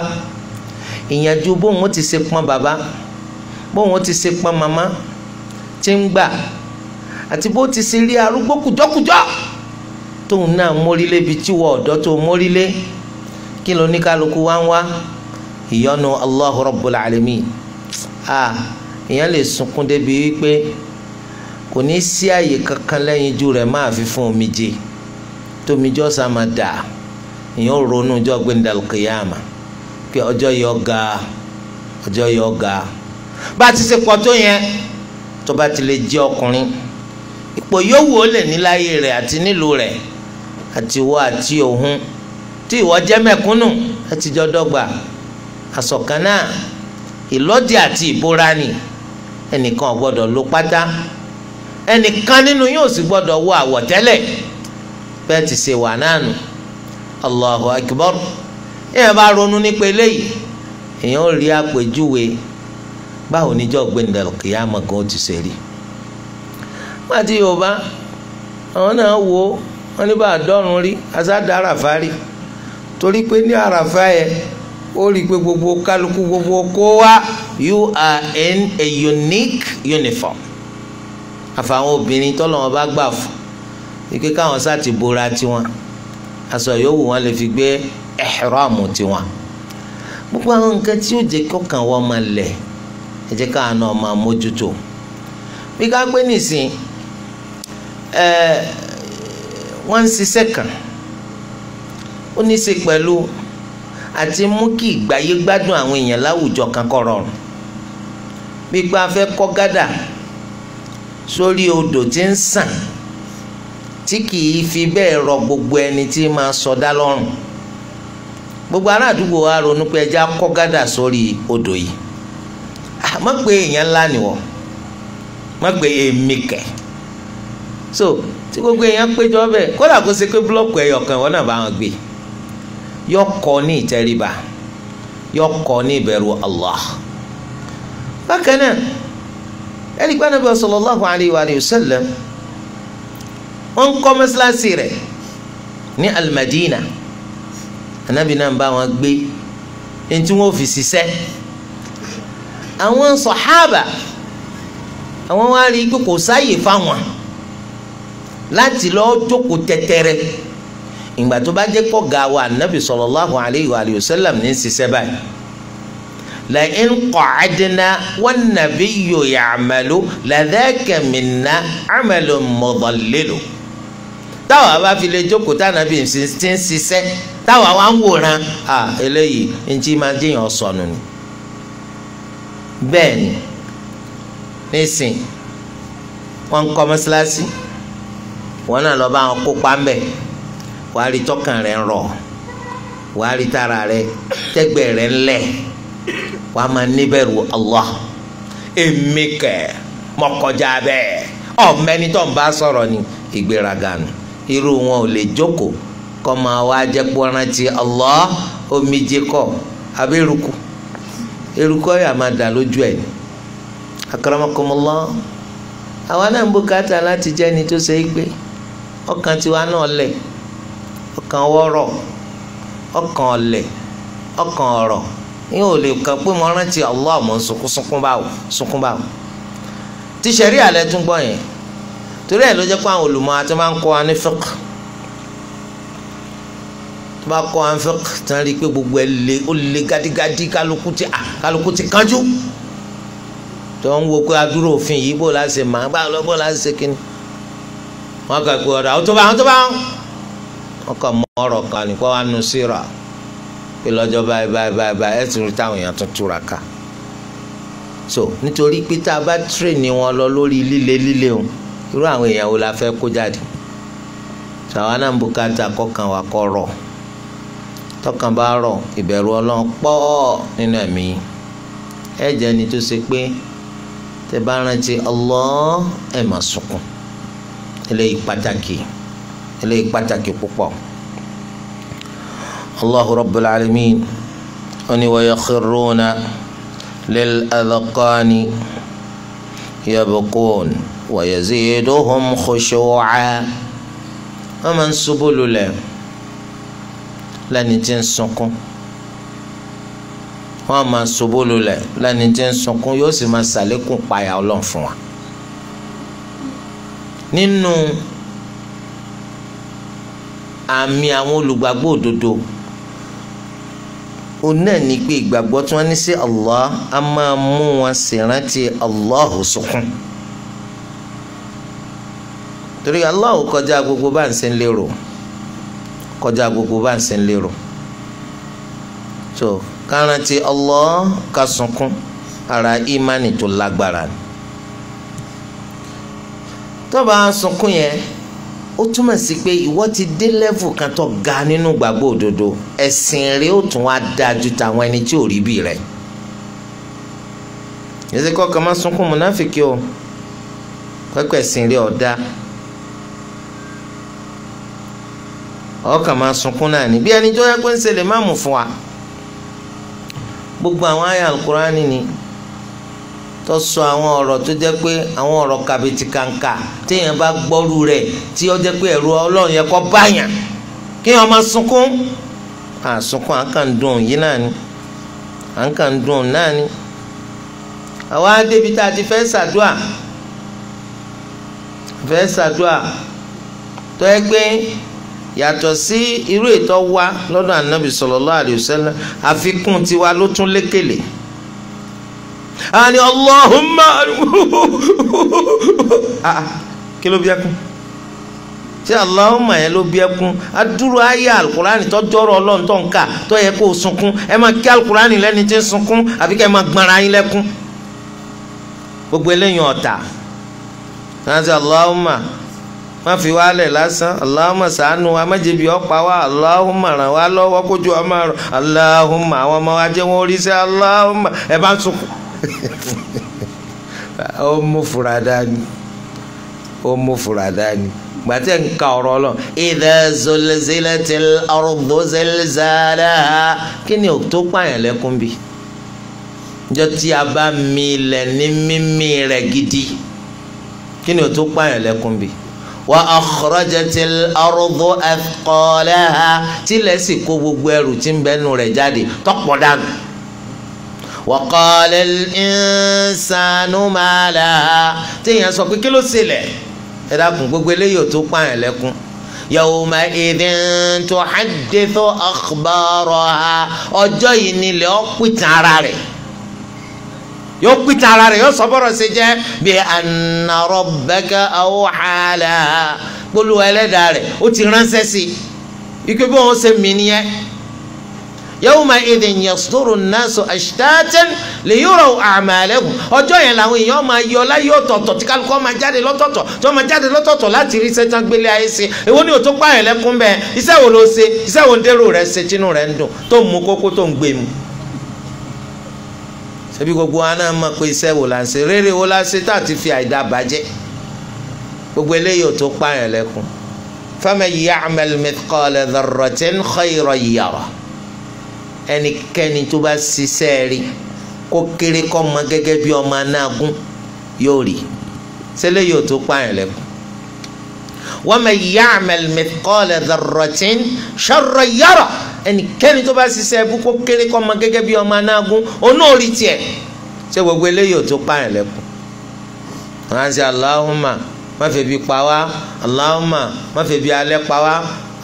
ìyànjú bóun ó ti ṣe pọn bàbá bóun ó ti ṣe pọn màmá tí ń gbà àti bó ti ṣe rí arúgbó kùjọ́kùjọ́ tóun náà mórílé bíi tíwọ ọ̀dọ́ tó mórílé kí ló ní kálukú wá ń wá ìyọ́nú Allahu Rabbul Alamin ah ìyẹn lè sunkún débi wípé kò ní sí àyè kankan lẹ́yìn rẹ̀ máa fi fún omijé tómijọ́ sàmà dà ìyẹn ò ronú ọjọ́ gbẹndàlùkìyàmà pé ọjọ́ yọ ga ọjọ́ yọ ga bá a ti ṣe pọ̀ tó yẹn tó bá ti lè jẹ́ ọkùnrin ipò yòówù ó lè níláyé rẹ̀ àti nílùú rẹ̀ àti wọ́ àti òhun tí ìwọ jẹ́ mẹ̀kúnnù ẹ jọ dọ́gba àsọ̀kan náà ìlọ́dì àti ìbora ni ẹnìkan ò gbọ́dọ̀ ló pátá ẹnìkan nínú yóò sì gbọ́dọ̀ wọ àwọ̀tẹ́lẹ̀ bẹ́ẹ̀ ti ṣe wà náà allahu akbar èèyàn bá ronú nípa eléyìí èèyàn ò rí àpèjúwe báwo níjọ́ gbẹ̀ndẹ̀ kìyàmọ̀ gan ti ṣe rí pàtí yorùbá àwọn náà wo wọn ní bá àdọ́run rí asáda àràfá rí torí pé ní àràfá yẹn ó rí pé gbogbo kálukú gbogbo kó wá you are in a unique uniform àfàwọn obìnrin tọ́lọ́wọ́n bá gbà fún ike káwọn sá ti bora tiwọn aṣọ yòówù wọn lè fi gbé ẹ̀hìrọ́ọ̀mù tiwọn gbogbo àwọn nǹkan tí ó jẹ́ kọ́kàn wọn máa lẹ̀ ẹ jẹ́ káwọn náà máa mójútó bí ká gbé nìsín ẹ wọ́n ń ṣiṣẹ́ kan ó ní í ṣe pẹ̀lú àti mú kí ìgbáyé gbádùn àwọn èèyàn láwùjọ kan kó rọrùn bí pa afẹ́ kọ́ gádà sórí odò tí ń sàn. tí kìí fi bẹ́ẹ̀ rọ gbogbo ẹni tí máa sọdá lọ́rùn gbogbo ará wa ronú pé ẹja kọ́ gádà sórí odò yìí ah, má pé èèyàn ńlá nìwọ má pé èmi kẹ so tí gbogbo èèyàn péjọ bẹ́ẹ̀ kódà kó ṣe pé búlọ̀kù ẹyọkan ìwọ náà bá wọn gbé ni ní ìtẹríba yọ ní ìbẹ̀rù Allah bákan náà bí wa sallam. ó ń kọ́ mọ́sálásí rẹ̀ ní alimadina anabi náà ń bá wọn gbé ẹni tí wọ́n fi ṣiṣẹ́ àwọn sọ̀hábà àwọn wá rí i pé kò sáàyè fáwọn láti lọ́ọ́ jókòó tẹ́tẹ́rẹ́ ìgbà tó bá jẹ́ pọ̀ ga wa anabi sallallahu alayhi wa sallam ní ṣiṣẹ́ báyìí la in qa'adna wan nabiyyu ya'malu la dhaka minna 'amalun táwa bá fi lè jókòó táwọn fi ti ń ṣiṣẹ́ táwa wá ń wòran à eléyìí ntí máa jẹyàn sọnù ni nísìn kọ́ náà lọ bá tara rẹ̀ tẹ́gbẹ̀ rẹ̀ ń lẹ̀ máa níbẹ̀rù èmi mọ́kọjá bẹ́ẹ̀ ni ìgbéraga irú wọn ò lè jókòó kọ́ máa wá jẹ́ pé wọ́n rántí Allah omijé kọ́ abẹ́ eruku eruku ọ̀yà máa dà lójú ẹ̀ akramakumullah àwa náà ń bùkátà láti jẹ́ ẹni tó ṣe é gbé ọkàn tiwa náà lẹ̀ ọkàn wọ́rọ̀ ọkàn ọ̀lẹ̀ ọkàn ọ̀rọ̀ yín ò lè kàn pé mo rántí Allah mo ń sunkún sunkún báwo sunkún báwo tíṣẹ̀rí àlẹ́ tún gbọ́ yẹn torí ẹ̀ ló jẹ́ pé àwọn olùmọ̀ àti máa ń kọ́ wa ní fiqh tó bá kọ́ wa ní fiqh tí wọ́n rí i pé gbogbo ẹ̀ lé ó lé gádígádí kálukú ti kálukú ti kánjú tó ń wo pé adúrò òfin yìí bó la ṣe máa bá lọ bó la ṣe kíni wọ́n kà pé ọ̀dà àwọn tó bá àwọn tó bá wọ́n kà mọ ọ̀rọ̀ kan nípa wa nu síra pé lọ́jọ́ báyìí báyìí báyìí báyìí ẹ̀ tún rí táwọn èèyàn tún túra ká so nítorí pé tá a bá tírè ní wọn lọ lórí líle líle òun irú àwọn èèyàn wo la fẹ́ kó jáde sàwọn náà ń bùkátà kọkàn wà kọ rọ̀ tọkàn bá rọ̀ ìbẹ̀rù Ọlọ́run pọ̀ nínú ẹ̀mí ẹ jẹ́ ni tó ṣe pé tẹ bá rántí Allah ẹ máa sunkún eléyìí pàtàkì eléyìí pàtàkì púpọ̀ Allahu Rabbul Alamin oni wa yakhiruna lil adhqani wa yaziduhum khushu'a wọ́n máa ń ṣubú lulẹ̀ lẹ́ni tí ń sunkún wọ́n máa ń ṣubú lulẹ̀ lẹ́ni tí ń sunkún yóò sì máa ṣàlékún payà ọlọ́run fún wa nínú àmì àwọn olùgbàgbọ́ òdodo òun ní pé ìgbàgbọ́ tí wọ́n ní sí Allah a máa mú wọn ṣèrántí Allah sùkún. So torí Allah kọjá gbogbo bá ń sin lérò kọjá gbogbo bá ń sin lérò so kárántì Allah ká sunkún ara ìmánì tó lágbára ni tó bá sunkún yẹn ó túmọ̀ sí pé ìwọ ti dé lẹ́vù kan tó ga nínú gbàgbọ́ òdodo ẹ̀sìn rẹ ó tún wá dáa ju tàwọn ẹni tí ò rí bí rẹ yẹ́sẹ̀ kọ́ kàn máa sunkún mùnáfìkì o pẹ́pẹ́ ẹ̀sìn rẹ ọ̀dá ọkàn máa sunkún náà ni bí ẹni tó yẹ pé ń ṣe lè má mú fún wa gbogbo àwọn àyà alukurani ni tó sọ àwọn ọ̀rọ̀ tó jẹ́ pé àwọn ọ̀rọ̀ kàbìtì kàǹkà téèyàn bá gbọ́rú rẹ̀ tí ó jẹ́ pé ẹ̀rù ọlọ́run yẹ kó báyàn kí wọ́n máa sunkún à sunkún yìí náà ni à ń kàn dùn náà ni àwa débi tá a ti fẹ́ ṣàdúà fẹ́ ṣàdúà tó yẹ pé yàtọ̀ sí irú ètò wa lọ́dọ̀ anabi sallallahu alayhi wa sallam àfikún tiwa ló tún lékele àní Allahumma ah, kí ló bí ẹkún ṣé Allahumma yẹn ló bí ẹkún adúrú ayé alukurani tọjọrọ Ọlọ́run tó ń kà tó yẹ kó o sunkún ẹ máa kí alukurani lẹ́ni tí ń sunkún àbí kẹ́ ẹ máa gbọ́nra yín lẹ́kún gbogbo eléyìí ọ̀tà ṣáà ṣe Allahumma. má fi wá lẹ̀ lásán aláhùnmá sànù wa ọ̀pá wa aláhùnmá ràn wá lọ́wọ́ kójú ọmọ rẹ aláhùnmá àwọn ọmọ wa jẹ́ wọn oríṣẹ́ aláhùnmá ẹ bá ń sunkún ó mú fura dání ó mú fura dání gbàtẹ́ nka ọ̀rọ̀ lọ ìdá kí ni pààyàn lẹ́kún njọ́ tí a bá mi lẹ̀ gidi kí ni pààyàn lẹ́kún wa akhrajatil ardu athqalaha tilẹ̀ sì kó gbogbo ẹrù tí ń bẹnu rẹ̀ jáde tọ́pọ̀ dànù. wa qala al insanu ma laha téèyàn sọ pé kí ló ṣẹlẹ̀ ẹ dákun gbogbo eléyìí ò tó pààyàn lẹ́kún yawma idhin tuhaddithu akhbaraha ọjọ́ yìí nílẹ̀ ọ́ pìtàn ara rẹ̀ yóò pìtà ara rẹ̀ yóò sọ bọ́rọ̀ ṣe jẹ́ bí anna rabbaka awha laha gbólóhùn ẹlẹ́dàá rẹ̀ ó ti ránṣẹ́ sí i ike bí wọ́n ṣe mí nìyẹn yawma idhin yasduru an-nasu ashtatan liyuraw a'malahum ọjọ́ yẹn làwọn èèyàn máa yọ láyé ọ̀tọ̀ọ̀tọ̀ tí kálukọ́ máa jáde lọ́tọ̀ọ̀tọ̀ tí wọ́n máa jáde láti rí iṣẹ́ tán gbélé ayé ṣe èwo ni òtún pààyàn lẹ́kún bẹ́ẹ̀ iṣẹ́ wo ló ṣe iṣẹ́ wo ń dérò rẹ̀ ṣe tínú rẹ̀ ń dùn tó ń mú kókó tó ń gbé mu ṣebí gbogbo wa náà mọ̀ pé iṣẹ́ wo la ń ṣe rere wo la ṣe tá a ti fi àìdá bàjẹ́ gbogbo eléyìí ò tó pààyàn lẹ́kùn faman ya'mal mithqala dharratin khayran yarah ẹnikẹ́ni tó bá ṣiṣẹ́ rí kó kéré kó mọ gẹ́gẹ́ bí ọmọ anágún yóò rí ṣẹlẹ̀ yóò tó pààyàn lẹ́kùn waman ya'mal mithqala dharratin sharran yarah ẹnikẹ́ni tó bá ṣiṣẹ́ ẹbú kó kéré kọ́ ọmọ gẹ́gẹ́ bí ọmọ anágún oná orí tiẹ̀ ṣé gbogbo eléyìí ò tó pààyàn lẹ́kùn wọn á ṣe aláhùnmá má fẹ́ bí pa wá aláhùnmá má fẹ́ bí alẹ́ pa wá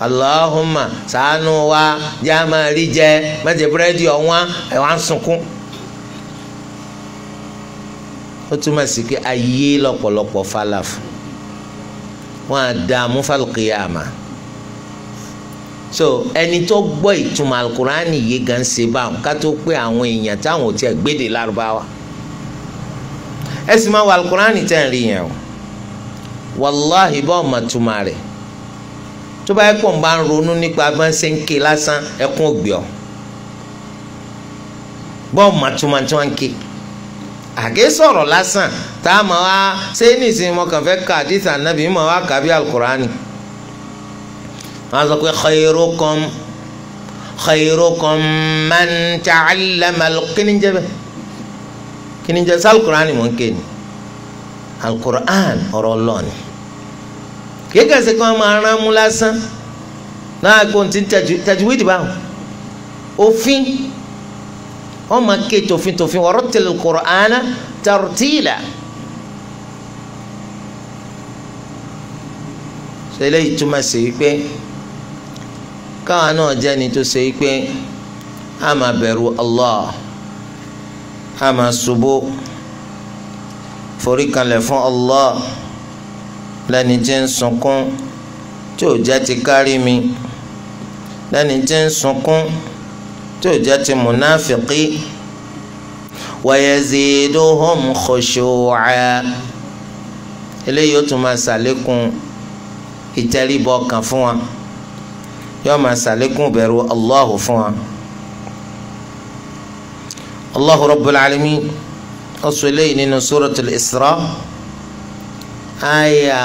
aláhùnmá ṣàánú wa yá máa rí jẹ má jẹ búrẹ́dì ọ̀wọ́n ẹ̀ wá ń sunkún ó túmọ̀ sí pé ayé lọ́pọ̀lọpọ̀ fálàfù wọn á dààmú fálùkì àmà so ẹni tó gbọ́ ìtumọ̀ alukurani yìí gan ṣe báwọn ká tó pé àwọn èèyàn táwọn ò tiẹ̀ gbéde lárúbáwá ẹ sì máa wọ alukurani tẹ̀ ń rí yẹn o wàláhì bá ọmọ tuma rẹ̀ tó bá yẹ pọ̀ ń bá ń ronú nípa bá ń ké lásán ẹkún ògbé ọ bá ọmọ tuma tí wọ́n ń ké àgé lásán tá a máa wá ṣé nísìnyí mo kàn fẹ́ ka wá kà alukurani wọ́n sọ pé khayrukum khayrukum man ta'allama kíni jẹ́ bẹ́ẹ̀ kíni jẹ́ sá alukur'an mọ̀ ń ké ni alukur'an ọ̀rọ̀ lọ́ọ̀ni kéka ṣe kàn máa rán mú lásán náà kó n ti tajwid báwo òfin ọmọ ké tòfin tòfin wa rattil al-Qur'ana tartila. sẹ́lẹ̀ ìtumọ̀ sí wípé káwa náà jẹ́ni tó ṣe pé a máa bẹ̀rù Allah a máa ṣubú foríkanlẹ̀ fún Allah lẹ́ni tí ń sunkún tí ò jẹ́ ti kárí mi lẹ́ni tí ń sunkún tí ò jẹ́ ti múnáfìkì wa yaziduhum khushu'a eléyìí ó tún máa ṣàlékún ìtẹríbọ kan fún wa yóò máa ṣàlékún bẹ̀rù Allahu fún wa Allahu rabbul alamin ọsùn eléyìí nínú suratul Isra àyà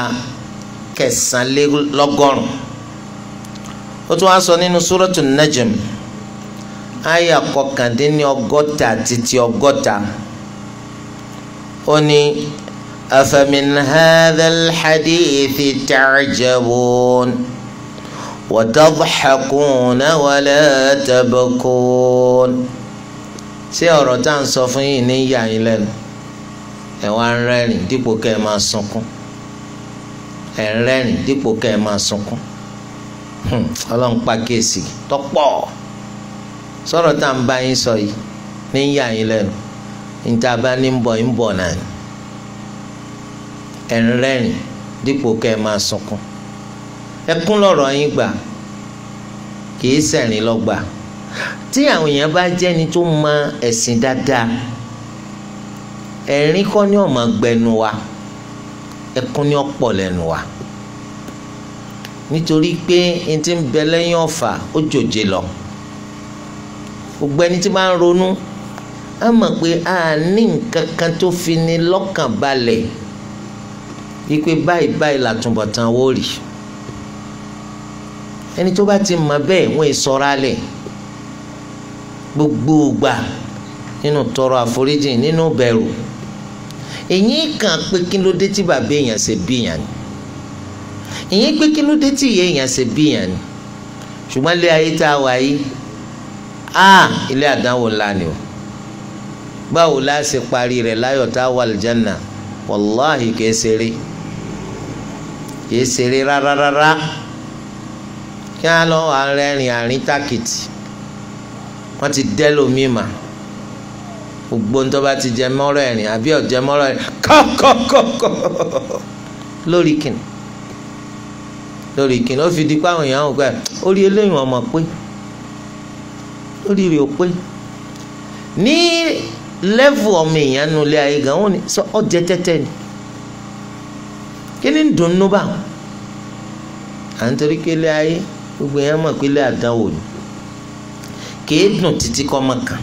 kẹsànlélọ́gọ́rùn ó tún wá sọ nínú suratul Najm àyà kọkàndínní ọgọ́ta títí ọgọ́ta ó ní. أفمن هذا الحديث تعجبون wọ́tàbùḥàkùn wàlẹ́ tẹ̀bẹ̀kùn. ṣé ọ̀rọ̀ tá à ń sọ fún yín ní yà yín lẹ́nu ẹ̀ wá ń rẹ́rìn dípò kẹ́ ẹ máa sunkún ẹ̀ ń rẹ́rìn dípò kẹ́ ẹ máa sunkún hmm, ọlọ́run pa kéèsì tọ́pọ̀ sọ̀rọ̀ tá à ń bá yín sọ yìí ní yà yín lẹ́nu níta bá ní ń bọ̀ ń bọ̀ náà ẹ̀ dípò kẹ́ ẹ máa sunkún ẹkún lọ̀rọ̀ yín gbà kìí sẹ̀rìn lọ́gbà tí àwọn èèyàn bá jẹ́ni tó mọ ẹ̀sìn dáadáa ẹ̀rín kọ́ ni ó máa gbẹnu wa ẹkún ni ó pọ̀ lẹ́nu wa nítorí pé n ti ń bẹ lẹ́yìn ọ̀fà ó jòjé lọ gbogbo ẹni tí máa ń ronú á mọ̀ pé a ní nǹkan kan tó fi ni lọ́kàn balẹ̀ wípé báyìí báyìí làtúbọ̀tán wó rí ẹni tó bá ti mọ̀ bẹ́ẹ̀ wọ́n ì sọ́ra lẹ̀ gbogbo gbà nínú tọrọ àforíjì nínú bẹ̀rù èyí kàn pé kí ló dé tí bàbá èèyàn ṣe bí èèyàn ni èyí pé kí ló dé tí ìyá èèyàn ṣe bí èèyàn ni ṣùgbọ́n ilé ayé tá a wà yìí a ilé àdánwò ńlá ni o báwo la ṣe parí rẹ̀ láyọ̀ tá a wà lìjánà wàláhì kìí ṣeré kìí ṣeré rárá rárá. Rá, rá kí á lọ arẹ́rìn àárín tákìtì wọ́n ti dẹ́ lómi mà gbogbo nítorí bá ti jẹ mọ́rọ̀ ẹ̀rìn àbí ọ̀jẹ̀ mọ́rọ̀ ẹ̀rìn kọ́kọ́kọ́kọ́ lórí kìnnì lórí kìnnì ó fi di pàwọn èèyàn ọ̀hún orí eléyìí ọmọ pé lórí rẹ̀ ó pé ní lẹ́fù ọmọ èèyàn nu ilé ayé gan wọn ni sọ ọ̀jẹ̀ tẹ́tẹ́ ni kí ni ń dùn nú bá à ń torí kí ilé ayé gbogbo yẹn mọ̀ pé lè àdánwò ni kìí dùn títí kọ́ mọ̀ kàn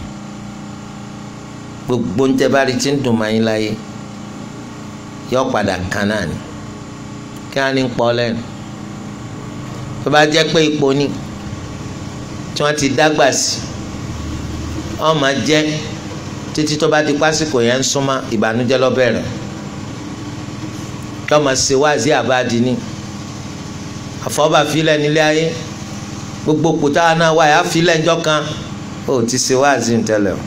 gbogbo ń tẹ́ bá rí tí ń dùn máa yín láyé yọ padà kan náà ni kí wọ́n ní ń pọ̀ lẹ́nu tó bá jẹ́ pé ipò ni tí wọ́n ti dágbà sí wọ́n máa jẹ́ títí tó bá di pásìkò yẹn ń súnmọ́ ìbànújẹ́ lọ́bẹ̀rẹ̀ yọ máa ṣe wáàzí àbáàdì ni àfọ́bàfílẹ̀ nílé ayé gbogbo kùtà náà wáyé àfilẹ̀ ńjọ́ kan ó ti ṣe wáàzì ń o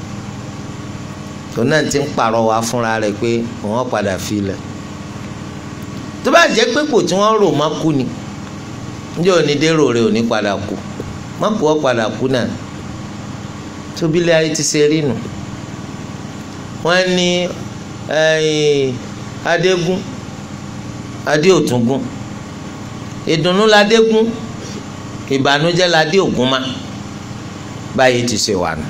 tó náà ti ń pàrọwà fúnra rẹ̀ pé wọ́n padà filẹ̀ tó bá jẹ́ pé kò tí wọ́n rò má kú ni níjẹ́ òní dérò rẹ̀ òní padà kú má kú ọ́ padà kú náà tóbílẹ̀ ayé ti ṣe rí nù wọ́n ní adégún adéòtúngún ìdùnnú ladégún ìbànújẹ́ la dé ògún ma báyìí ti ṣe wà nù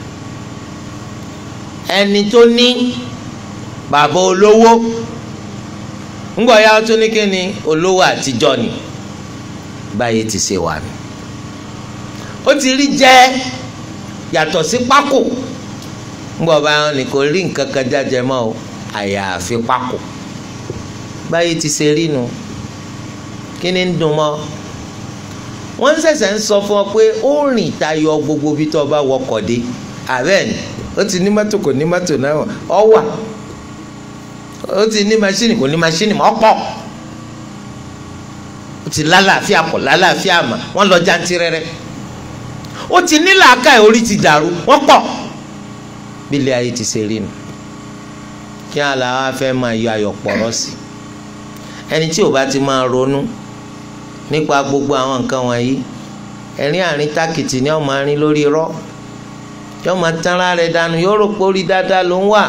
ẹni tó ní bàbá olówó ńgbọ̀ ya tó ní kí ni olówó àtijọ́ ni báyìí ti ṣe wà nù ó ti rí jẹ́ yàtọ̀ sí pákó ńgbọ̀ bá wọn ni kò rí nǹkan kan jájẹ mọ́ o àyàfi pákó báyìí ti ṣe rí nu kí ń dùn mọ́ wọ́n ṣẹ̀ṣẹ̀ ń sọ fún ọ pé ó rìn tayọ gbogbo bí tó bá wọkọ̀ dé abẹ́ẹ̀ni ó ti ní mọ́tò kò ní mọ́tò náà ọ wà ó ti ní maṣíìnì kò ní maṣíìnì mọ́ pọ̀ ó ti lálàáfíà pọ̀ lálàáfíà mà wọ́n lọ jantirẹrẹ ó ti ní làákàyè orí ti dàrú wọ́n pọ̀ bí ilé ayé ti ṣe rí nu kí àlàáfẹ́ máa yọ ayọ̀ pọ̀rọ̀ sí ẹni tí ò bá ti máa ronú nípa gbogbo àwọn nǹkan wọ̀nyí ẹ̀rín àárín tákìtì ni ọmọ arín lórí irọ́ yóò máa tanra rẹ̀ dànù yóò rò pé orí dáadáa ló ń wà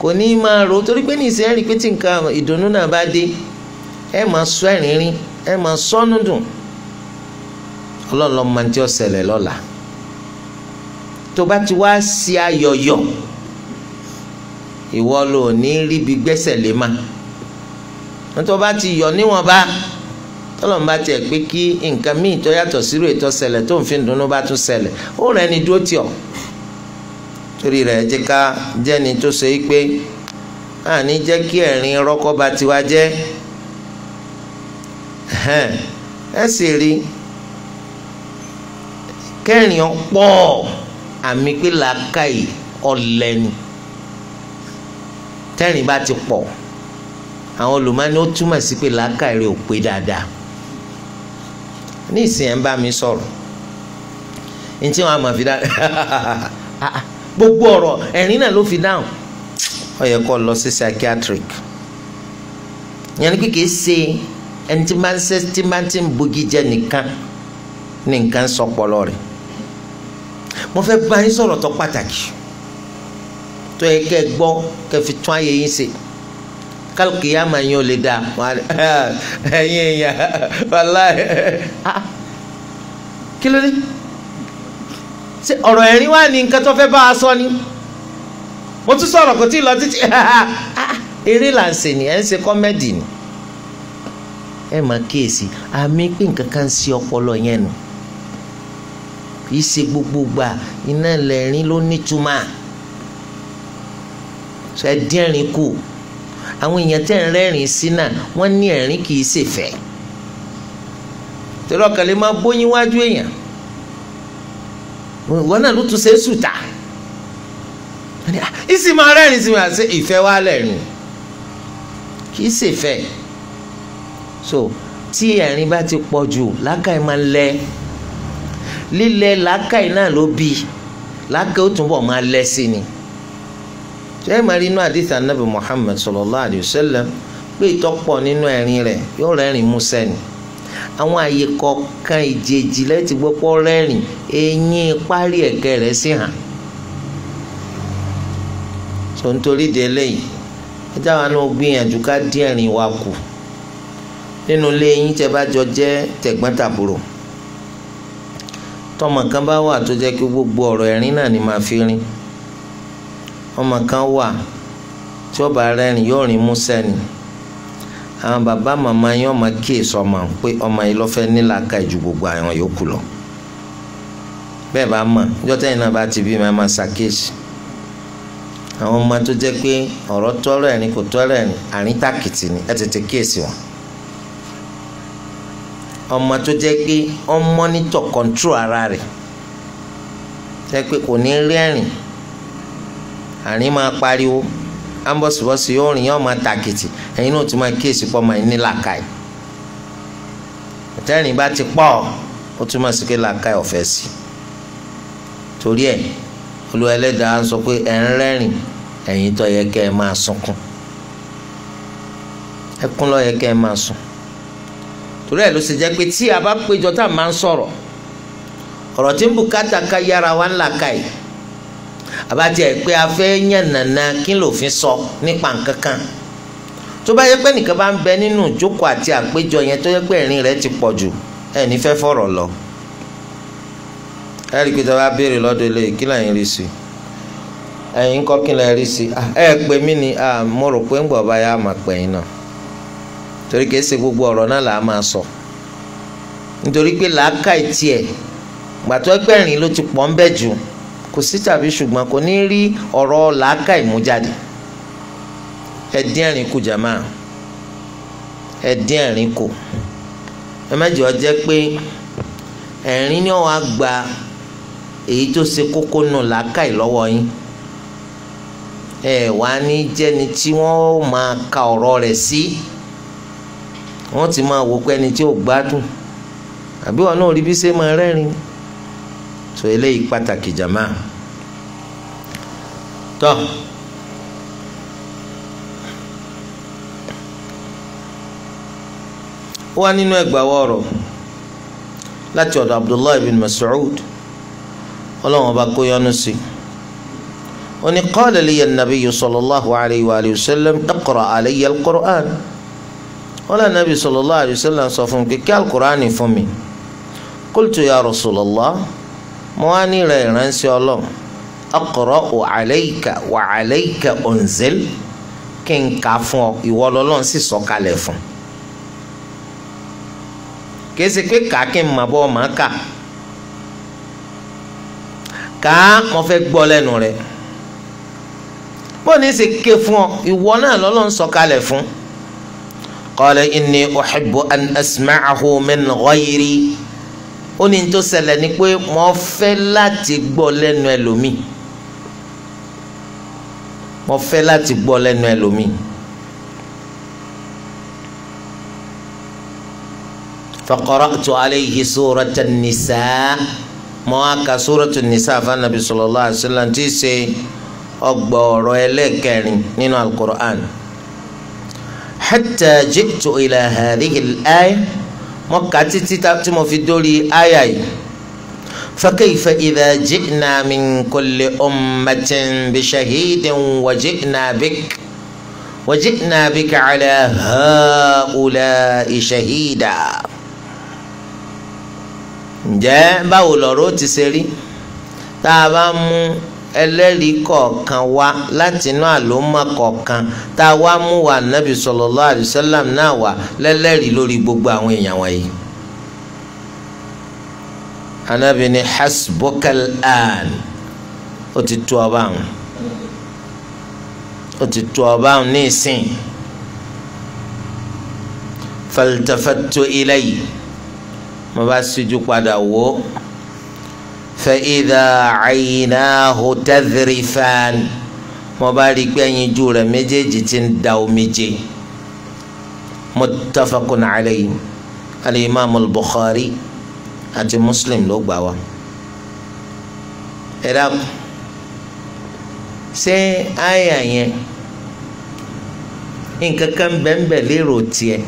kò ní máa rò torí pé ní ìsẹ́rìn pé tí nǹkan ìdùnnú náà bá dé ẹ máa sọ ẹ̀rín rín ẹ máa sọ́nù dùn ọlọ́ọ̀lọ́ máa ń tí lọ́la tó bá ti wá sí ayọ̀yọ̀ ìwọ ló ní ríbi gbẹ́sẹ̀ lé ma nítorí bá ti yọ̀ níwọ̀nba tọ́lọ̀ ń bá tiẹ̀ pé kí nǹkan míì tó yàtọ̀ sírò ètò ṣẹlẹ̀ tó ń fi dùnnú bá tún ṣẹlẹ̀ ó rẹ̀ ni dúró tiọ̀ torí rẹ̀ jẹ́ ká jẹ́ni tó ṣe é pé àní jẹ́ kí ẹ̀rín rọ́kọ́ bá tiwa jẹ́ ẹ sì rí kẹrin ọ̀pọ̀ àmì pé làákàyè ọ̀lẹ ni tẹrin bá ti pọ̀ àwọn olùmọ́ni ó túmọ̀ sí pé làákàyè rẹ̀ ò pé dáadáa ní ìsìn ẹ̀ ń bá mi sọ̀rọ̀ ní tí wọ́n á mọ̀ fi dáhùn ah, ah, gbogbo ọ̀rọ̀ ẹ̀rín náà ló fi dáhùn ó yẹ kó lọ sí psychiatric yẹn ni kékeré ṣe ẹni tí máa ń ṣe tí máa ti ń bogi jẹ nìkan ní nǹkan sọpọlọ rẹ̀ mo fẹ́ bá yín sọ̀rọ̀ tó pàtàkì tó yẹ kẹ́ gbọ́ kẹ́ fi tún ayé yín ṣe kálukì yá máa yín ó lè dá ẹ̀yin èèyàn wàláhì ah, ah. kí ló dé ṣe ọ̀rọ̀ ẹ̀rín wà ní nǹkan tó fẹ́ bá a sọ ni mo tún sọ̀rọ̀ kò tí ì lọ títí ah, eré là ń ṣe ni ẹ̀ ń ṣe kọ́mẹ́dì ni ẹ máa kíyèsí àmì pé nǹkan kan ń ṣe ọpọlọ yẹn nù kì í ṣe gbogbo gbà iná lẹ́rìn ló nítumọ̀ ṣe dín ẹ̀rín kù àwọn èèyàn tẹ́ ń rẹ́rìn sí náà wọ́n ní ẹ̀rín kì í ṣe fẹ́ torí ọkàn lè máa bóyin wájú èèyàn wọn náà ló tún ṣe é sùtà ah, ìsì máa rẹ́rìn sí mi àti ìfẹ́ wa lẹ́rìn kì í ṣe fẹ́ so tí ẹ̀rín bá ti pọ̀ jù làákàyè máa ń lẹ lílẹ̀ làákàyè náà ló bí làákàyè ó túnbọ̀ máa lẹ sí ni. ṣé màá rí inú àdìsí anabi muhammed sallallahu alayhi wa sallam pé ìtọ́pọ̀ nínú ẹ̀rín rẹ̀ yóò rẹ́rìn músẹ́ ni àwọn àyè kọ̀ọ̀kan ìjèjì lẹ́tì gbọ́pọ̀ rẹ́rìn eyín parí ẹ̀kẹ́ rẹ̀ sí hàn tó ń torí de eléyìí ẹjá wa náà gbìyànjú ká dín ẹ̀rín wa kù nínú ilé yín tẹ́ bá tọmọ kan bá wà tó jẹ́ kí gbogbo ọ̀rọ̀ ẹ̀rín náà ni fi ọmọ kan wà tí ó bá yóò rìn músẹ́ ni àwọn bàbá mama yín ọmọ kíyèsí ọmọ pé ọmọ yìí lọ́fẹ́ nílàáka ju gbogbo àwọn yòókù lọ bẹ́ẹ̀ bá mọ̀ níjọ́ tẹ́yìn náà bá ti bí màmá ṣàkíyèsí àwọn ọmọ tó jẹ́ pé ọ̀rọ̀ tọ́rọ̀ ẹ̀rín kò tọ́rọ̀ ẹ̀rín àrín ni ẹ tètè kíyèsí wọn ọmọ tó jẹ́ pé ó mọ́nítọ̀ kọ́ńtró ara rẹ̀ jẹ́ pé kò ní rí ẹ̀rín àárín máa pariwo ambọ̀sibọ́sì yóò rìn yóò máa tàkìtì ẹ̀yin náà tún máa kíyèsí pọ̀ máa ní làkàì tẹ́rìn bá ti pọ̀ ó túmọ̀ sí pé làkàì ọ̀fẹ́ sí torí ẹ̀ Olúwa ẹlẹ́dàá sọ pé ẹ̀ ń rẹ́rìn ẹ̀yin tó yẹ kẹ́ ẹ máa sunkún ẹkún ló yẹ kẹ́ ẹ máa sùn torí ẹ̀ ló ṣe jẹ́ pé tí a bá péjọ tá a máa ń sọ̀rọ̀ ọ̀rọ̀ tí ń bùkátà ká yára wa ńlá ká àbájá ẹ pé a fẹ́ yàn nàna kí lòfin sọ nípa nǹkan kan tó bá yẹ pé nìkan bá ń bẹ nínú ìjókòó àti àpéjọ tó yẹ pé rẹ ti pọ̀ jù ẹni fẹ́ fọ̀rọ̀ lọ ẹ rí i pé bá béèrè lọ́dọ̀ ilé kí rí ni mo rò pé ń gbọ̀ báyà gbogbo ọ̀rọ̀ náà là á sọ nítorí pé tiẹ̀ gbàtọ́ ló ti pọ̀ ń kò sí tàbí ṣùgbọ́n kò ní rí ọ̀rọ̀ làákà ìmújáde ẹ̀dín ẹ̀rín kù jàmá ẹ̀dín ẹ̀rín kù ẹ jẹ́ pé ẹ̀rín ni wọ́n á gba èyí tó ṣe kókó nù làákà ìlọ́wọ́ yín ẹ wá ní jẹ́ni tí wọ́n máa ka ọ̀rọ̀ rẹ̀ sí wọ́n ti máa wò pé ẹni tí ò gbádùn àbí wọn náà rí bí ṣe máa rẹ́rìn-ín so eléyìí pàtàkì jama tọ wá nínú ẹgbàá ọ̀rọ̀ láti ọ̀dọ̀ abdullahi bin mas'ud ọlọ́run ọba kó yọ́nú sí ó ní qala liya an-nabiyyu sallallahu alayhi wa sallam iqra alayya al-qur'an wala nabi sallallahu alayhi wa sallam sọ fún mi kí al-qur'an fún mi qultu ya rasulallah mo wá ní rẹ ìránṣẹ́ Ọlọ́run aqra'u alayka wa alayka unzil kí n kà fún ọ ìwọ lọ́lọ́run sì sọ̀kalẹ̀ fún kìí ṣe pé kà kí n mà ọmọ kà kà mo fẹ́ gbọ́ lẹ́nu rẹ bóun ní ké fún ọ ìwọ náà lọ́lọ́run sọ̀kalẹ̀ fún qala inni uhibbu an asma'ahu ó ní tó ṣẹlẹ̀ ni pé mo fẹ́ láti gbọ́ lẹ́nu ẹlòmíì mo fẹ́ láti gbọ́ lẹ́nu ẹlòmíì. فقرأت عليه سورة النساء مواقع سورة النساء فالنبي صلى الله عليه وسلم تيسي أكبر إليكين من القرآن حتى جئت إلى هذه الآية mo kà títí tí mo fi dórí àyà yìí fakayfa idha ji'na min kulli ummatin bi shahidin wa ji'na bik wa ji'na bika ala ha'ula'i shahida. ǹjẹ́ báwo lọ̀rọ̀ ti ṣe rí tá a bá mú ẹlẹ́rìí kọ̀ọ̀kan wá láti inú àlòmọ́ kọ̀ọ̀kan tá a wá mú wa nàbì sallallahu alaihi wasallam náà wá lẹ́lẹ́rìí lórí gbogbo àwọn èèyàn wọ̀nyí. anabi ni hasbukal an ó ti tó ọba àwọn ó ti tó ọba àwọn ní ìsìn faltafattu ilayhi mo bá síjú padà wò ó fa'idha aynahu tadhrifan mo bá rí i pé ẹyin ju rẹ̀ méjèèjì ti ń da omi jẹ muttafaqun alayhi alimami al-Bukhari àti Muslim ló gbà wá ẹ dákun ṣé àyà yẹn nǹkan kan bẹ́ẹ̀nbẹ́ẹ̀ lérò tiẹ̀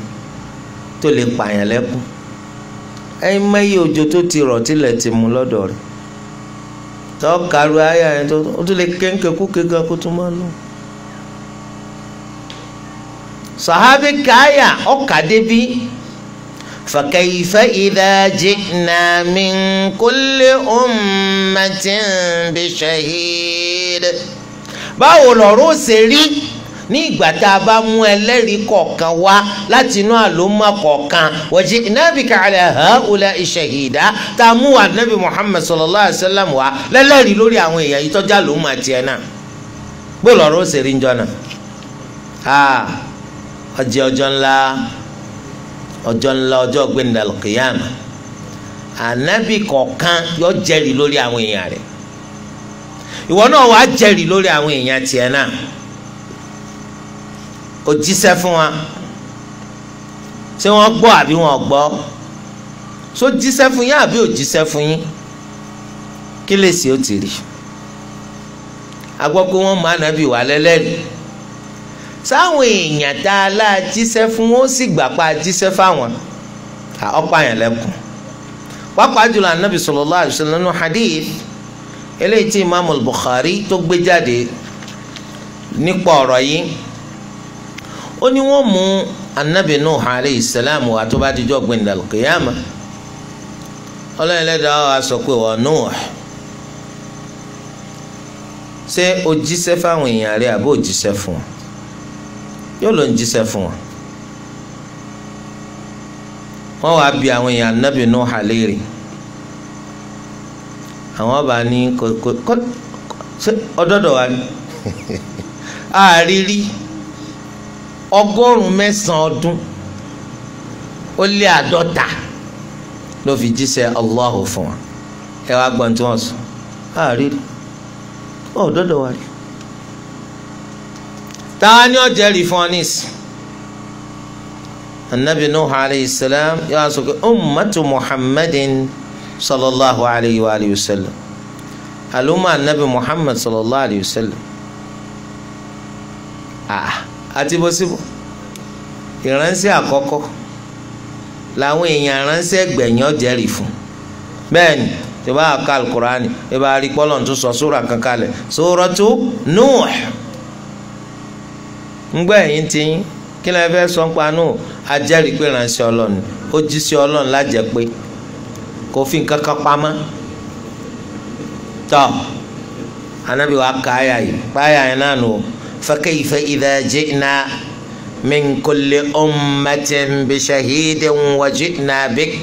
tó lè pààyàn lẹ́kùn ẹ̀yin mẹ́yìí òjò tó ti rọ̀ tilẹ̀ ti mú lọ́dọ̀ rẹ̀ tọ́ kàrú àyà yẹn tó o tún lè kéńké kú kéńké kó tún máa nù. sahabi kaya ọkà débi fakaifa idha ji'na min kulli ummatin bi shahid báwo lọ̀rọ̀ ṣe rí ní ìgbà tá a bá mú ẹlẹ́rìí kọ̀ọ̀kan wá láti inú àlòmọ́ kọ̀ọ̀kan wọ́n ti nàbì kàlẹ́ hàúlẹ̀ ìṣẹ̀hìdá tá a mú ànábì Muhammad sallallahu alayhi wa sallam wá lẹ́lẹ́rìí lórí àwọn èèyàn yìí tọ́jà lòmọ́ tiẹ̀ náà bó lọ́rọ́ òṣèré ń jọ́nà ọjọ́ ọjọ́ ńlá ọjọ́ ńlá ọjọ́ gbẹ̀ndàlùkìyàmù ànábì kọ̀ọ̀kan yóò jẹ́rìí lórí àwọn èèyàn rẹ̀ ìwọ náà wàá jẹ́rìí lórí àwọn èèyàn tiẹ̀ náà ó jíṣẹ́ fún wa ṣé wọ́n gbọ́ àbí wọ́n gbọ́ ṣó jíṣẹ́ fún yín àbí ò jíṣẹ́ fún yín kí lè ṣe ó ti rí a gbọ́ pé wọ́n máa nàbì wà lẹ́lẹ́nu sáwọn èèyàn tá a lá jíṣẹ́ fún wọn ó sì gbà pa jíṣẹ́ fáwọn ọ̀pọ̀ àyàn lẹ́kùn pàápàá jùlọ anabi sallallahu alaihi wasallam nínú hadith eléyìí tí imaamu bukhari tó gbé jáde nípa ọ̀rọ̀ yìí ó ní wọ́n mú anabi nuh alayhi salam wá tó bá dijọ́ gbẹ̀ndà kìyàmà ọlọ́run ẹlẹ́dàá wa sọ pé wọ́n nuh ṣé o jíṣẹ́ fáwọn èèyàn rẹ àbó jíṣẹ́ fún wọn yóò ló ń jíṣẹ́ fún wọn wọ́n wàá bi àwọn èèyàn anabi nuh léèrè àwọn bá ní kò kò kò ọdọdọ wa ni àárí rí ọgọ́rùn-ún mẹ́sàn-án ọdún ó lé àádọ́ta ló fi jíṣẹ́ Allahu fún wa ẹ wá gbọ́n tí wọ́n sọ àárín ọ̀dọ́dọ̀ wa rí táwa ni ọ̀jẹ̀ rí fún ọ nísìn anabi nuhu alayhi salam yóò sọ pé ummatu muhammadin sallallahu alayhi wa alayhi wa sallam aluma anabi muhammad sallallahu alayhi wa sallam ah àti bósíbò ìránṣẹ́ àkọ́kọ́ làwọn èèyàn ránṣẹ́ gbẹ̀yìn ọ̀jẹ̀rì fún bẹ́ẹ̀ ni tí wọ́n á ka alukurani tí wọ́n á rí pọ́lọ̀ tó sọ sóra kankan lẹ̀ sórọ́tù Nuh ngbẹ̀yìn tí yín kí ló ń fẹ́ sọ pa Nuh ajẹ́rìí pé ránṣẹ́ ọlọ́run ó jíṣẹ́ ọlọ́run lájẹ́ pé kò fi nǹkan kan pamọ́ tọ́ anabi ka àyà yìí pa àyà yẹn náà nù فكيف إذا جئنا من كل أمة بشهيد وجئنا بك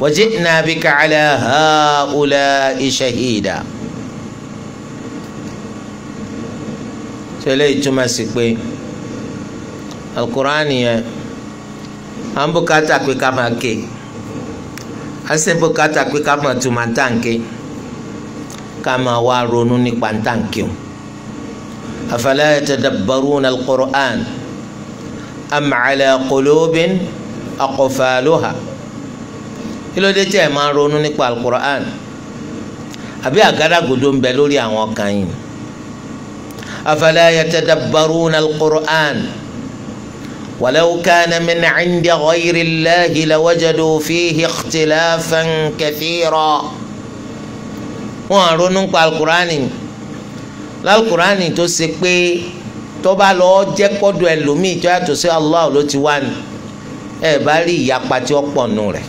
وجئنا بك على هؤلاء شهيدا tẹ́lẹ̀ ìtumọ̀ sí pé alukur'ani yẹn à ń bùkátà pé ká máa ké à ń sìn bùkátà pé ká máa tuma ntànké ká máa wá ronú nípa ntànké o. أفلا يتدبرون القرآن أم على قلوب أقفالها إلو دي تي مارونو نكوى القرآن أبي أقرأ قدوم بلولي عن أفلا يتدبرون القرآن ولو كان من عند غير الله لوجدوا فيه اختلافا كثيرا وارونو نكوى القرآن lálùkùránì tó ṣe pé tọ́ba lọ jẹ́ kọ́dọ̀ ẹlòmíì tó yàtọ̀ sí Allah ló ti wá ni ẹ bá rí ìyapa tí ó pọ̀ nù rẹ̀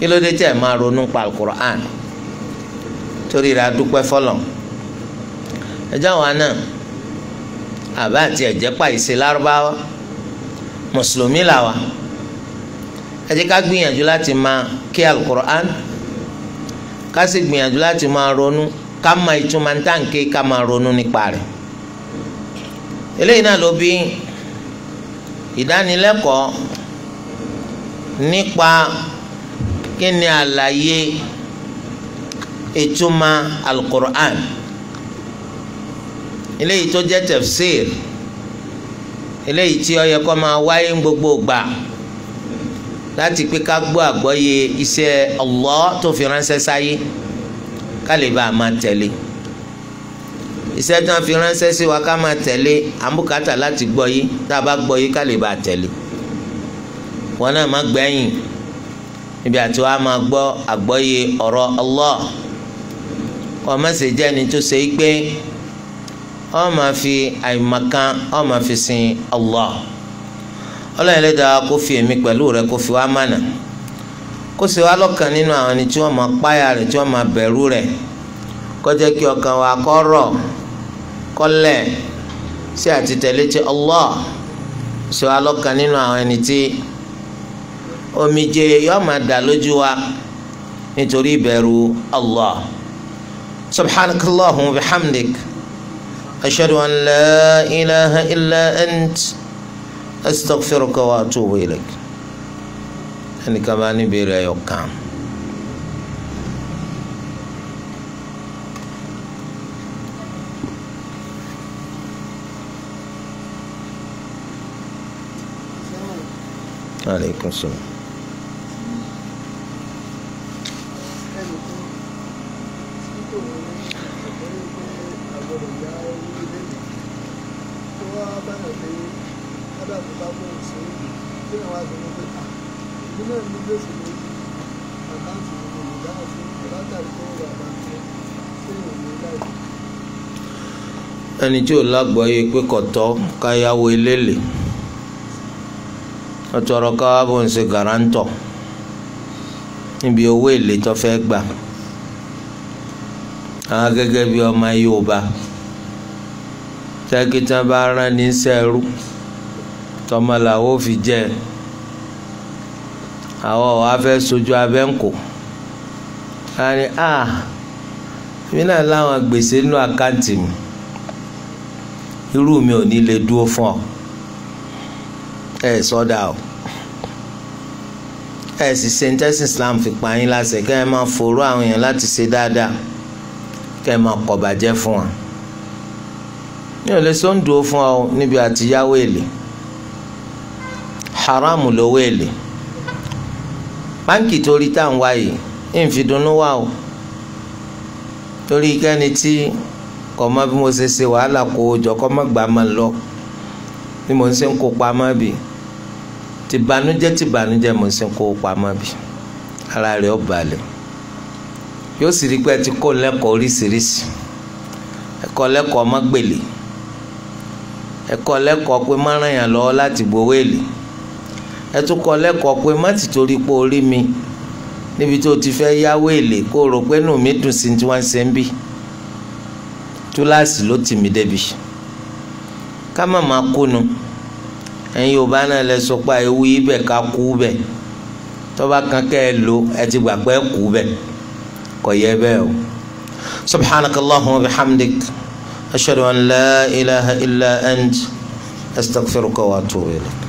kí ló dé tẹ̀ máa ronú pa alukur'an torí ra dúpẹ́ fọlọ̀ ẹjọ́ wa náà àbá àti ẹ̀jẹ̀ pàìsí lárúbáwá mùsùlùmí là wa ẹ ká gbìyànjú láti máa kí alukur'an ká sì gbìyànjú láti máa ronú ká ma ìtumọ̀ ń tànké ká ma ronú nípa rẹ̀ eléyìí náà ló bí ìdánilẹ́kọ̀ọ́ nípa kí ni àlàyé ìtumọ̀ alukur'an eléyìí tó jẹ́ tafsir eléyìí tí ó yẹ máa wáyé gbogbo gbà láti pé ká gbọ́ àgbọ́yé iṣẹ́ Allah tó fi ránṣẹ́ sáyé ká lè bá a máa tẹ̀lé iṣẹ́ tí wọ́n fi ránṣẹ́ sí wa ká máa tẹ̀lé àmúkàtà láti gbọ́ yìí tá a bá gbọ́ yìí ká lè bá a tẹ̀lé wọn náà má gbẹ̀yìn níbi àti wàá máa gbọ́ àgbọ́yé ọ̀rọ̀ Allah kọ́ ọ má ṣe jẹ́ ẹni tó ṣe é pé ọ máa fi àìmọ̀kan ọ máa fi sin Allah ọlọ́run ẹlẹ́dàá kó fi èmi pẹ̀lú rẹ kó fi wá mànà kó ṣe wá lọ́kàn nínú àwọn ẹni tí wọ́n máa páyà rẹ̀ tí wọ́n máa bẹ̀rù rẹ̀ kó jẹ́ kí ọkàn wa kó rọ̀ kó lẹ̀ sí àti tẹ̀lé ti Allah ṣe wá lọ́kàn nínú àwọn ẹni tí omijé yóò máa dà lójú wa nítorí ìbẹ̀rù Allah subhanakallahumma wa bihamdik ashhadu an la ilaha illa ant astaghfiruka wa atubu ilayk ẹnìkan bá níbi rẹ̀ yọ kàn. Alaikum ẹni tí ò lágbọ́yé pé kọ̀tọ́ káyáwó eléèlé ọ̀tọ̀rọ̀ káwá bó ń ṣe gàrántọ̀ níbi owó èlé tó fẹ́ gbà àwọn gẹ́gẹ́ bí ọmọ Yorùbá tẹ́kítàn bá rán ní sẹ́rú tọmọlàwọ́ fi jẹ́ ẹ àwọn wa fẹ́ sojú abẹ́ ń kó àní a mi náà láwọn gbèsè nínú àkáǹtì mi irú mi ò ní lè dúró fún ọ ẹ sọdá o ẹ sì ṣe ntẹ́sí Islam fi pa yín láṣẹ kẹ́ ẹ máa fòrò àwọn èèyàn láti ṣe dáadáa kẹ́ ẹ máa kọ̀ bàjẹ́ fún wa mi ò lè sọ ń dúró fún ọ níbi àtiyáwó èlé haramu lówó èlé báńkì torí tá à ń wá yìí ń fi dunnú wá o torí kẹ́ni tí kò mọ bí mo ṣe ṣe wàhálà kó o jọ kọ́ mọ́ gbà má lọ ni mo ń ṣe ń kó pamọ́ bì tìbànújẹ́ tìbànújẹ́ mo ń ṣe ń kó pamọ́ bì ara rẹ̀ ó balẹ̀ yóò sì rí pé ẹ ti kó lẹ́kọ̀ọ́ oríṣiríṣi ẹ̀kọ́ lẹ́kọ̀ọ́ mọ́gbèlè ẹ̀kọ́ lẹ́kọ̀ọ́ pé má ràn yàn lọ́wọ́ láti gbowó èlé ẹ tún kọ́ lẹ́kọ̀ọ́ pé má ti torí pé orí mi níbi tó ti fẹ́ yáwó èlé kó rò pé nù mí dùn sí tí wọ́n ṣe ń bì túláàsì ló tì mí débi ká má má kónu ẹ̀yin yorùbá náà lẹ sọ pé ewu yìí ká kú bẹ̀ tọ́ba kan kẹ́ ẹ lò ẹ ti gbà pé kú bẹ̀ kò yẹ bẹ́ẹ̀ o. سبحانك اللهم وبحمدك أشهد أن لا إله إلا أنت استغفرك وأتوب إليك